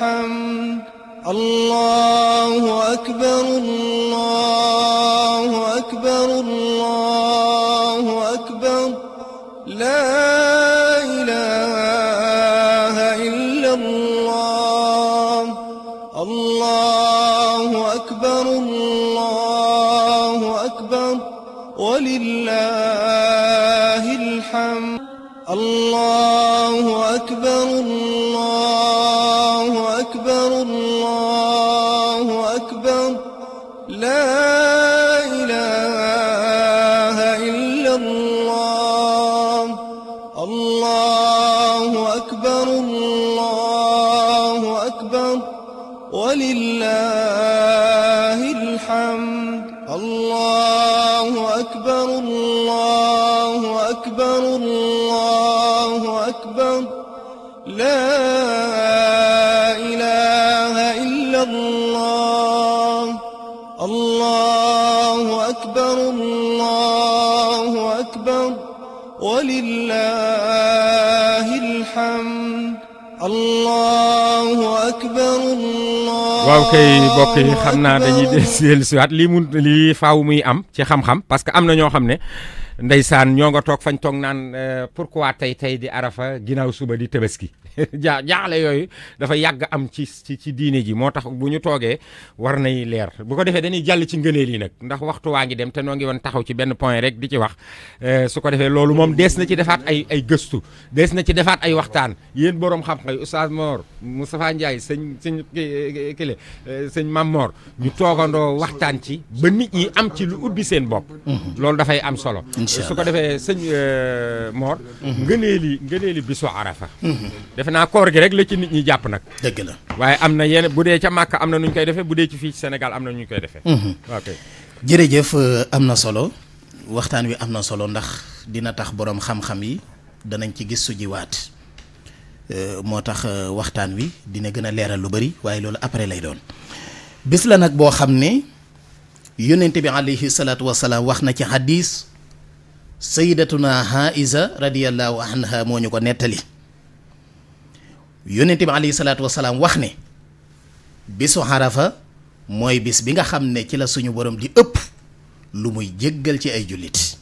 محمد waaw kay oh, mbokk yi xam naa dañuy dellusiwaat lii mun lii faaw muy am ci xam-xam parce que am na ñoo xam ne. ndeysaan ñoo nga toog fañ toog naan pour euh, pourquoi tey tey di arafa ginnaaw suba di tabaski jaa jaaxle yooyu dafa yàgg am ci ci ci diine ji moo tax bu ñu toogee war nay leer bu ko defee dañuy jàll ci ngëneel yi nag ndax waxtu waa ngi dem te noo ngi woon taxaw ci benn point rek di ci wax euh, su ko defee loolu moom dees na ci defaat ay ay gëstu dees na ci defaat ay waxtaan yéen borom xam-xam Oustaz Mor Moustapha Ndiaye sëñ sëñ kile euh, sëñ Mam Mor ñu toogandoo waxtaan ci ba nit ñi am ci lu ubbi seen bopp mm-hmm. dafay am solo incha allah su ko defee sëñ euh, Mor. Mhm. ngëneeli ngëneeli bisu arafa. defe naa koor gi rek la ci nit ñi jàpp nag. dëgg la waaye am na yenn bu dee ca màkk am na nu ñu koy defee bu dee ci fii Sénégal am na ñu koy defee. Mhm. ok jërëjëf euh, am na solo waxtaan wi am na solo ndax dina tax boroom xam-xam yi danañ ci gis su jiwaat euh, moo tax waxtaan wi dina gën a leeral lu bari waaye loolu après lay doon bis la nag boo xam ne yónnent bi alayhi salaatu wasalaam wax na ci hadis. sayidatuna haïsa radiallahu anha moo ñu ko nettali yónnent bi alayhi salaatu wasalaam wax ne bisu xarafa mooy bis bi nga xam ne ci la suñu borom di ëpp lu muy jéggal ci ay jullit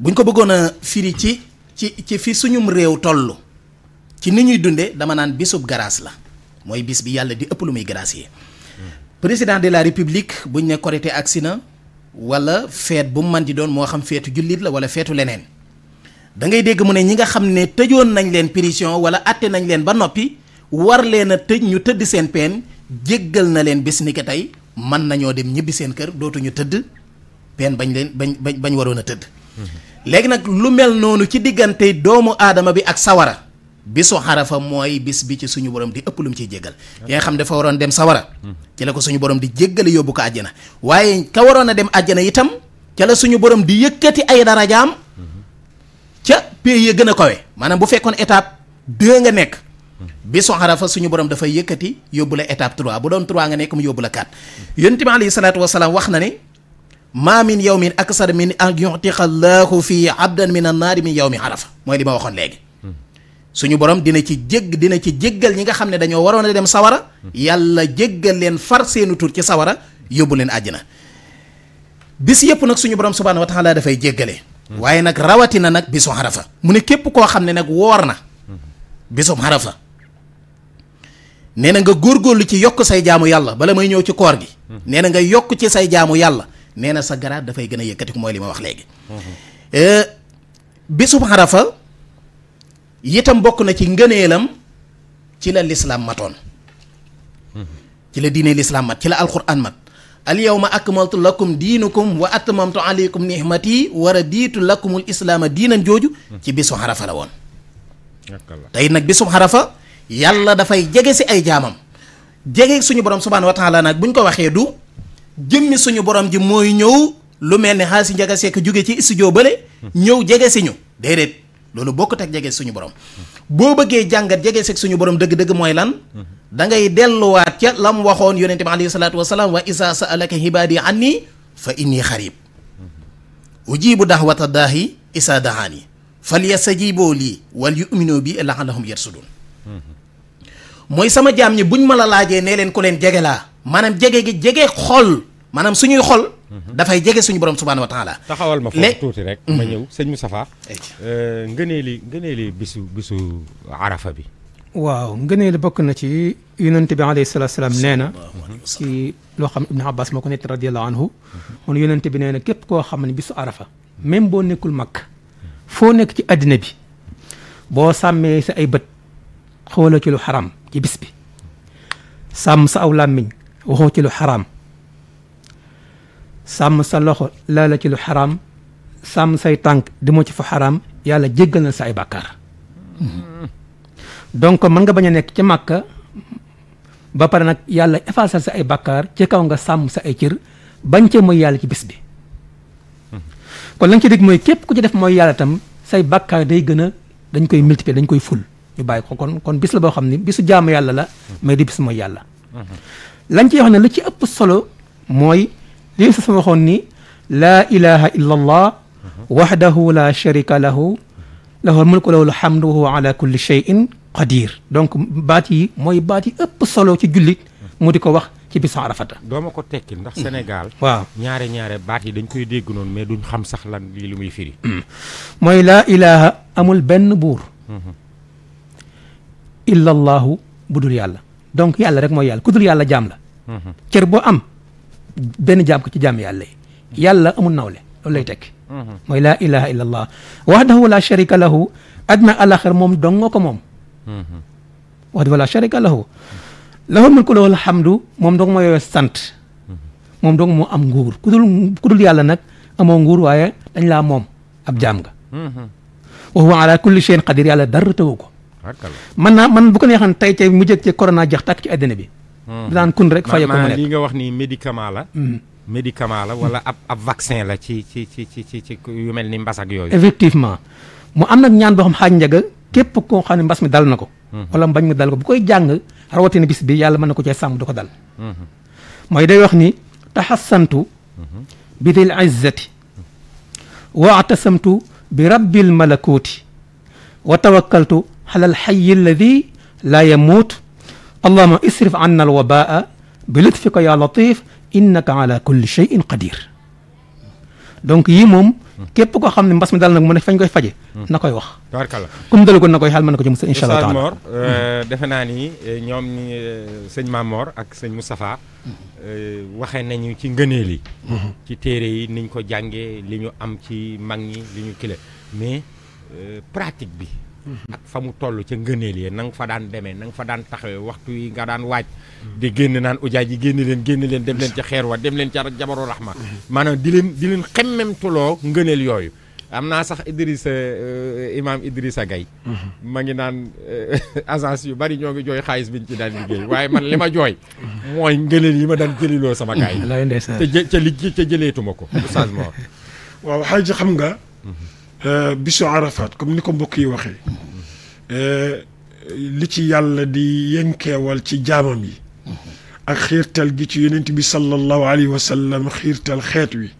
buñ ko bëggoon a firi ci ci ci fi suñum réew toll ci ni ñuy dunde dama naan bisub grâce la mooy bis bi yàlla di ëpp lu muy yi hmm. président de la république buñ ne korité agsi na wala feet bu mu mën di doon moo xam feetu jullit la wala feetu leneen da ngay dégg mu ne ñi nga xam ne tëjoon nañ leen prison wala atte nañ leen ba noppi war leen a tëj ñu tëdd seen peine jéggal na leen bis ni tey mën nañoo dem ñibbi seen kër dootuñu tëdd peine bañ leen bañ bañ bañ waroon a tëdd. Mhm. léegi nag lu mel noonu ci diggante doomu aadama bi ak sawara. bisu xarafa mooy bis bi ci suñu borom di ëpp lu mu ciy jéggal ki nga xam dafa waroon dem sawara ci la ko suñu borom di jéggale yóbbu ko waaye ka waroon a dem àjjana itam ca la suñu borom di yëkkati ay darajaam ca pays ya gën a kawe maanaam bu fekkoon étape deux nga nekk bisu xarafa suñu borom dafay yëkkati yóbbu la étape trois bu doon trois nga nekk mu yóbbu la quatre yonent bi alayhi salaatu wax na ne maa min yawmin aksar min an yuxtiqa allahu fi abdan min annaari min yawmi xarafa mooy li waxoon léegi suñu borom dina ci jégg dina ci jéggal ñi nga xam ne dañoo waroon a dem sawara yàlla jéggal leen far seenu tur ci sawara yóbbu leen àjjana bis yëpp nag suñu borom subhaanahu wa taala dafay jéggale waaye nag rawatina nag bisu xarafa mu ne képp koo xam ne nag woor na bisum xarafa nee na nga góorgóorlu ci yokk say jaamu yàlla bala may ñëw ci koor gi nee na nga yokk ci say jaamu yàlla nee na sa garaat dafay gën a yëkkatiku mooy li ma wax léegi mhm. eh, bisum xarafa yitam bokk na ci ngëneelam ci la lislaam matoon ci la diine lislaam mat ci la alquran mat al yawma akmaltu lakum diinukum wa atmamtu alaykum nihmati wa raditu lakumul islaama diinan jooju ci bisu xarafa la woon tey nag bisu xarafa yàlla dafay jege si ay jaamam jege suñu borom subhaanahu wa nag bu ñu ko waxee du jëmmi suñu borom ji mooy ñëw lu mel ne xaalis njaga sekk jóge ci studio bële ñëw jege si ñu loolu bokkut ak jege suñu borom boo bëggee jàngat jege seg suñu borom dëgg-dëgg mooy lan da ngay delluwaat ca lam waxoon yonente bi alayhi salaatu wasalaam wa isa saalaka hibaadi anni fa inni xarib ujibu dahwata daahi isa ya sa yastajiiboo lii wal yu'minoo bi la'allahum yarsudun mooy sama jaam ñi buñ ma la laajee nee leen ku leen jege laa maanaam jege gi jege xol manam suñuy xol. da fay jégué suñu borom subhanahu wa taala. taxawal ma foofu touti rek. ma ñëw sëñ Moustapha. euh ngeeneeli ngeeneeli bisu bisu arafa bi. waaw ngeeneeli bok na ci yunus bi alayhi salatu wassalam neena ci lo xam Ibn Abbas moo net radiyallahu anhu. on yunus bi neena kep ko koo xam ne bisu arafa. même bo nekul mak fo nek ci adina bi. bo samé sa ay bët. xooloo lu haram ci bis bi. sam sa aw làmmiñ waxoo ci lu haram sàmm sa loxo la ci lu xaraam sàmm say tànk di mu ci fa xaraam yàlla jéggal na sa ay bàkkaar donc mën nga bañ a nekk ci màkk ba pare nag yàlla effacer sa ay bàkkaar ci kaw nga sàmm sa ay cër bañ cee mooy yàlla ci bis bi kon la nga ci dégg mooy képp ku ci def mooy yàlla itam say bàkkaar day gën a dañ koy multiplier dañ koy ful ñu bàyyi ko kon kon bis la boo xam ne bisu jaamu yàlla la mais di bis mooy yàlla lañ ci wax ne ci ëpp solo mooy ليس سمخوني لا إله إلا الله وحده لا شريك له له الملك له الحمد وهو على كل شيء قدير دونك باتي موي باتي اب صلو تي جوليت مودي كو واخ تي بيسا عرفات دوما كو تيكي ناخ سينيغال نياري نياري باتي دنج كوي ديغ نون مي دون خام ساخ لان موي لا اله أم البن بور الا الله بودول يالا دونك يالا رك موي يالا كودول يالا جام لا ام benn jaam ko ci jaam yàlla yi yàlla amul nawle loolu lay tekki mooy la ilaha illa allah wahdahu la sharika lahu adna alaxir moom dongo ko moom wahdahu la sharika lahu lahul mulku lahul hamdu moom dong mooy sant moom dong moo am nguur ku dul ku dul yàlla nag amoo nguur waaye dañ laa moom ab jaam nga wa huwa ala kulli shay'in qadir yàlla dara tawu ko man naa man bu ko neexoon tey tey mu jëg ci naa jeex tàkk ci àddina bi Hmm. daan kun rek faye ko mu nekk li nga wax ni médicament la. Hmm. médicament la wala ab vaccin la ci ci ci ci ci ci yu mel ni mbas ak yooyu. effectivement mu am nag ñaan boo xam xaaj njaga képp koo xam ne mbas mi dal na ko. Hmm. wala mbañ mi dal ko bu koy jàng rawatina bis bi yàlla mën na ko cee sàmm du ko dal. mooy day wax ni taxassantu bi dil izzati waatasamtu bi rabbil malakuuti wa tawakkaltu xalal xayyi alladi laa yamuut اللهم اصرف عنا الوباء بلطفك يا لطيف انك على كل شيء قدير دونك يموم كيف كو خامني مباس مدال نك فاني كوي فاجي نكاي واخ تبارك الله كوم دالو نكاي حال مانكو جيم ان شاء الله تعالى مور دفنا ني نيوم ني سيغ مامور اك سيغ مصطفى واخا نانيو تي غنيلي تي تيري نينكو جانغي لي نيو ام تي ماغني لي نيو كيلي مي براتيك بي ak fa mu toll ca ngëneel yee na fa daan demee na nga fa daan taxawee waxtu yi nga daan waaj di génn naan ujaay ji génn leen génn leen dem leen ca xeer wa dem leen ca jabaru raxma maanaam di leen di leen xemmemtuloo ngëneel yooyu am naa sax Idrissa euh, imam Idrissa gay ma ngi naan euh, agence yu bari ñoo ngi jooy xaalis bi biñ ci daan liggéey waaye man li ma jooy mooy ngëneel yi ma daan jëliloo sama gaay te ca li ca jëleetuma ko changement waaw xaaj xam nga mhm. Euh, bisu Arafat comme ni ko mbokk yi waxee euh, li ci yàlla di yenkeewal ci jaamam yi ak xiirtal gi ci yonent bi sallallahu alayhi wa sallam xiirtal xeet wi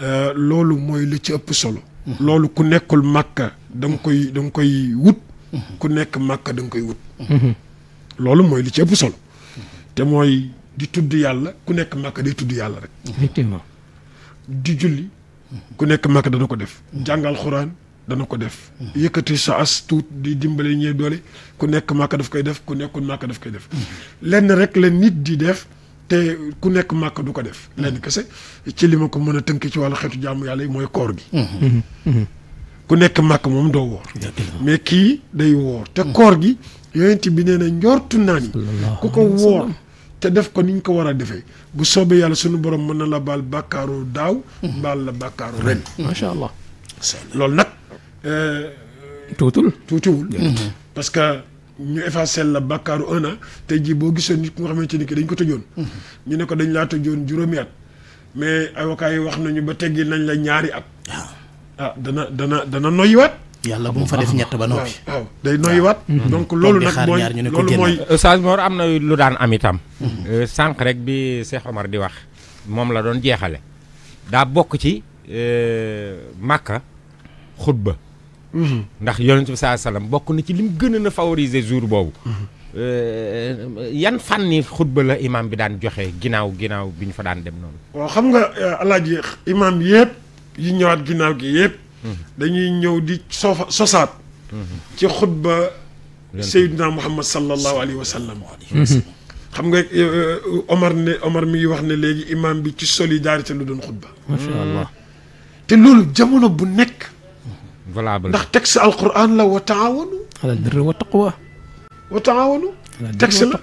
euh, loolu mooy li ci ëpp solo loolu ku nekkul màkka da koy da koy wut ku nekk màkka da koy wut loolu mooy li ci ëpp solo te mooy di tudd yàlla ku nekk màkka day tudd yàlla rek di julli ku nekk mag dana ko def. jàngal xuraan dana ko def. yëkkati sa as tuut di dimbale ñee doole ku nekk màkk daf koy def ku nekkul màkk daf koy def. lenn rek la nit di def te ku nekk màkk du ko def. lenn kese ci li ma ko mën a tënk ci wàllu xeetu jàmm yàlla yi mooy koor gi. ku nekk màkk moom doo woor. mais kii day woor te koor gi yonent bi nee na njortu naa ni ku ko woor. te def ko ni ñu ko war a defee bu soobee yàlla suñu borom mën na la baal bàkkaaru daaw. mbaal la bàkkaaru ren. macha allah. loolu nag. Euh, tuutul tuutiwul. Mm-hmm. parce que ñu effacé la bàkkaaru un te tey jii boo gisoon nit ku nga xamante ni ki dañ ko tëjoon. Mm-hmm. ñu ne ko dañ laa tëjoon juróomi at. mais avocat yi wax nañu ba teggi nañ la ñaari at. ah dana dana dana noyyiwaat. yàlla bu mu fa def ñett ba noppi. waaw day noyyiwaat. donc mm-hmm. loolu nag mooy loolu mooy. Oustaz am na lu daan am itam. Mm-hmm. Euh, sànq rek bi seex Omar di wax moom la doon jeexale daa bokk ci euh, Makka xutba. Mm-hmm. ndax yonent bi saa salaam bokk na ci lim gën na favoriser jour boobu. Euh, yan fànni xutba la imaam bi daan joxe ginnaaw ginnaaw bi ñu fa daan dem noonu. waaw xam nga alaaji imaam yëpp yi ñëwaat ginnaaw gi yëpp. dañuy ñëw di sofa sosaat ci xutba Seydina Muhammad sallallahu alayhi wa sallam xam nga Omar ne Omar mi ngi wax ne léegi imam bi ci solidarité lu doon xutba macha allah te loolu jamono bu nekk valable ndax texte alquran la wa taawanu ala albirri wa taqwa wa taawanu texte la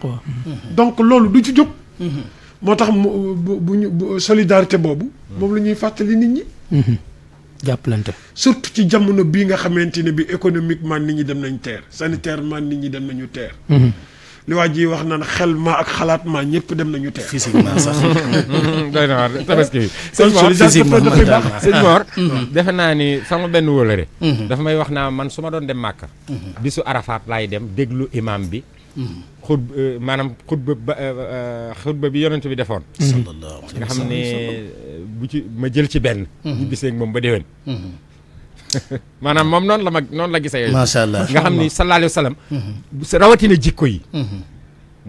donc loolu du ci jóg moo tax mu bu bu solidarité boobu moom la ñuy fàttali nit ñi jàppalante surtout ci jamono bii nga xamante ne bi économiquement nit ñi dem nañ teer sanitairement nit ñi dem nañu teer mhm. li waa ji wax naan xel ma ak xalaat ma ñëpp dem nañu teer physiquement sax doy na waar tabaski bi physiquement dafay baax Mor mhm. defe naa ni sama benn wóolare mhm. dafa may wax naa man su ma doon dem màkka bisu arafaat laay dem déglu imam bi xut euh, maanaam xutba ba euh, euh, xutba bi yonent bi defoon mhm. nga xam ne bu ci ma jël ci benn ñu mhm. bisee moom ba déwén mhm. maanaam moom noonu la ma noonu la gisee macha allah nga xam ni sallallahu alayhi wa rawatina jikko yi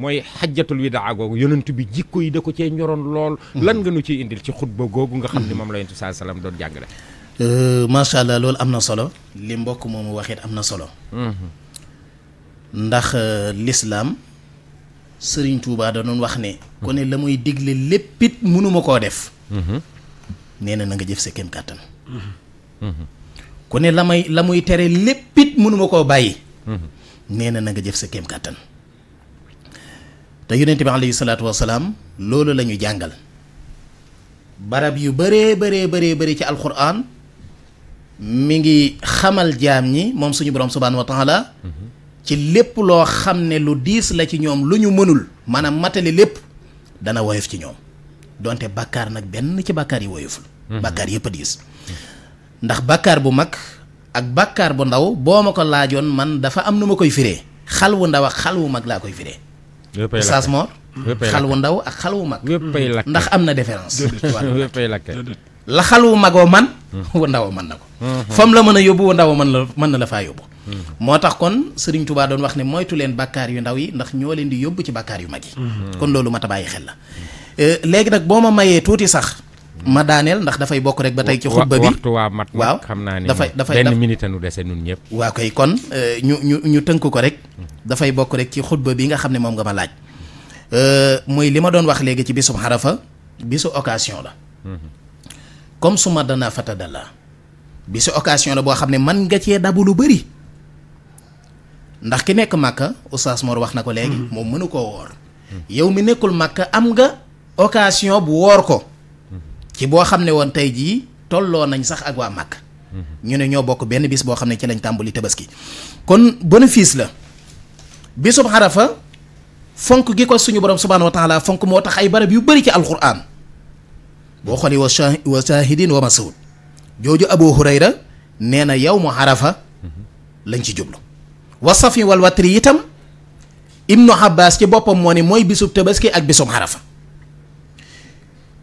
mooy xajjatul widaa googu yonent bi jikko yi da ko cee ñoroon lool lan nga nu ciy indil ci xutba googu nga xam ni moom la yonent bi sallallahu alayhi wa sallam doon allah loolu am na solo li mbokk moomu waxit am na solo ndax euh, lislaam sëriñ tuubaa da doon wax ne. ku ne la muy digle léppit mënuma koo def. Mhm. nee na na nga jëf sa kem kàttan. Mhm. Mhm. ku ne la may la muy tere léppit mënuma koo bàyyi. nee na nga jëf sa kem kàttan. te yonent bi alayhi salaatu wasalaam loolu la ñu jàngal. barab yu bëree bëree bëree bëri ci alquran mu ngi xamal jaam ñi moom suñu borom subhaanahu wa ci lépp loo xam ne lu diis la ci ñoom lu ñu mënul maanaam matali lépp dana woyof ci ñoom donte bàkkaar nag benn ci bàkkaar yi woyoful mhm. bàkkaar yëpp a diis ndax bàkkaar bu mag ak bàkkaar bu ndaw boo ma ko laajoon man dafa am nu ma koy firee xal wu ndaw ak xal wu mag laa koy firee saas moor xal wu ndaw ak xal wu mag ndax am na différence la xalu magoo man hmm. wa ndaw man na ko hmm. fam la mën a yóbbu wa ndaw man la mën na la faa yóbbu hmm. moo tax kon Serigne Touba doon wax ne moytu leen bàkkaar yu ndaw yi ndax ñoo leen di yóbbu ci bàkkaar yu mag yi kon loolu mat a bàyyi xel la eh, léegi nag boo ma mayee tuuti sax ma daaneel ndax dafay bokk rek ba tey ci xutba bi waxtu waa waaw xam naa ni dafay dafay benn minute nu dese nun ñëpp waaw kay kon eh, ñu ñu ñu tënk ko rek dafay bokk rek ci xutba bi nga xam ne moom nga ba laaj eh, mooy li ma doon wax léegi ci bisu xarafa bisu occasion la comme suma dana fatadala bi ci occasion la bo xamné ne man nga ci dabu lu bëri ndax ki nek makka oustaz mor wax na ko léegi mm-hmm. moom mënu koo yow mi nekul makka am nga occasion bu wor ko mm-hmm. ci boo xam ne woon tey jii tolloo nañ sax ak wa makka mm-hmm. ñu ne ño bok ben bis bo xamné ci lañ tambuli kon bénéfice la bisub harafa fonk gi ko suñu borom subhanahu wa taala fonk moo tax ay barab yu ci alquran بوخالي وشاهدين ومسعود جوجو ابو هريره نانا يوم عرفه لنجي جبلو وصفي والوتر يتم ابن عباس كي بوبم موني موي بيسوب تبسكي اك بيسوم عرفه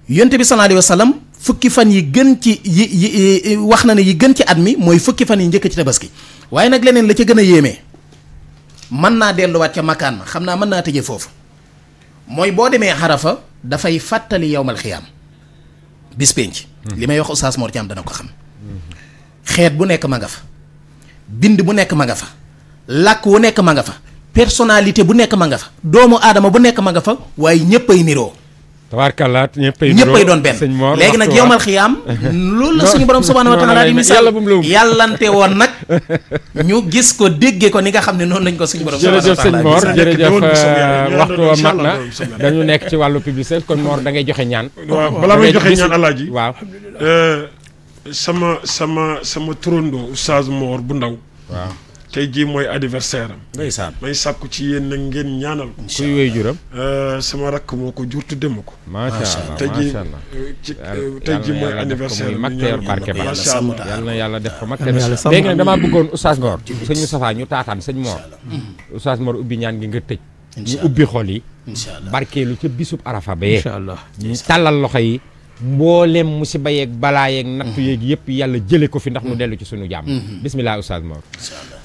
يونت بي صلى الله عليه وسلم فكي فان يي گن تي واخنا ني يي گن تي ادمي موي فكي فان نيك تي تبسكي واي نك لنين لا تي گنا ييمي من نا ديلو وات كي مكان خمنا من نا تيجي فوف موي بو ديمي عرفه دا فاي فاتلي يوم الخيام bis penc li may wax Oustaz Mor Thiam dana ko xam xeet bu nekk ma nga fa bind bu nekk ma nga fa làkk wu nekk ma nga fa personnalité bu nekk ma nga fa doomu aadama bu nekk ma nga fa waaye ñëpp ay niroo tabaarkallaat ñëppay doon benn léegi nag yowmal xiyaam loolu la suñu borom subhaanahu wa taala di misaal yàllante woon nag ñu gis ko déggee ko ni nga xam ne noonu nañ ko suñu borom jërëjëf sëñ Mor jërëjëf waxtu wa mat na dañu nekk ci wàllu publicité kon Mor da joxe ñaan waaw balaa may joxe ñaan alaaji waaw euh, sama sama sama turandoo oustaz Mor bu ndaw waaw tey jii mooy anniversaire am. ndeysaan may sàkku ci yéen nag ngeen ñaanal ko. kuy wéy juram. Euh, sama rakk moo ko jur tudde ma ko. macha allah tey jii euh, ci euh, tey jii mooy anniversaire am ñu ñaanal ko macha allah yal na yàlla def ko mag teeru barke ba. léegi nag damaa bëggoon Oustaz Ngor. sëñ Moustapha ñu taataan sëñ Mor. Oustaz Mor ubbi ñaan gi nga tëj. ñu ubbi xol yi. incha allah barkeelu ca bisub arafa ba yee. ñu tàllal loxo yi. mboolem musiba yeeg balaa yeeg nattu yeeg yëpp yàlla jële ko fi ndax mu mm. dellu ci sunu jàmm. Mm-hmm. bismillah Oustaz Mor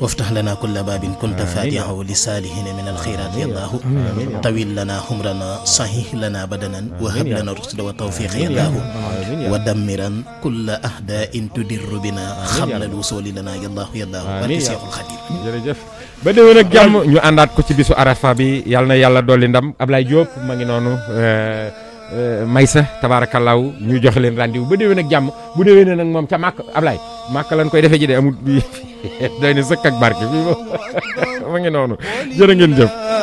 وافتح لنا كل باب كنت فاتحه لساله من الخيرات يا الله طويل لنا عمرنا صحيح لنا بدنا وهب لنا الرشد والتوفيق يا الله ودمرا كل اهداء تدر بنا خبل الوصول لنا يا الله يا الله والشيخ الخليل بدي ونك جام ني اندات كو سي بيسو عرفه بي يالنا يالا دولي ندم ابلاي جوب ماغي نونو مايسا تبارك الله ني جوخ لين رانديو بدي ونك جام بو ديوي نك موم تا ماك ابلاي màkk lan koy defee ji de amul doy na sëkk ak barke fii moom ma ngi noonu jërë ngeen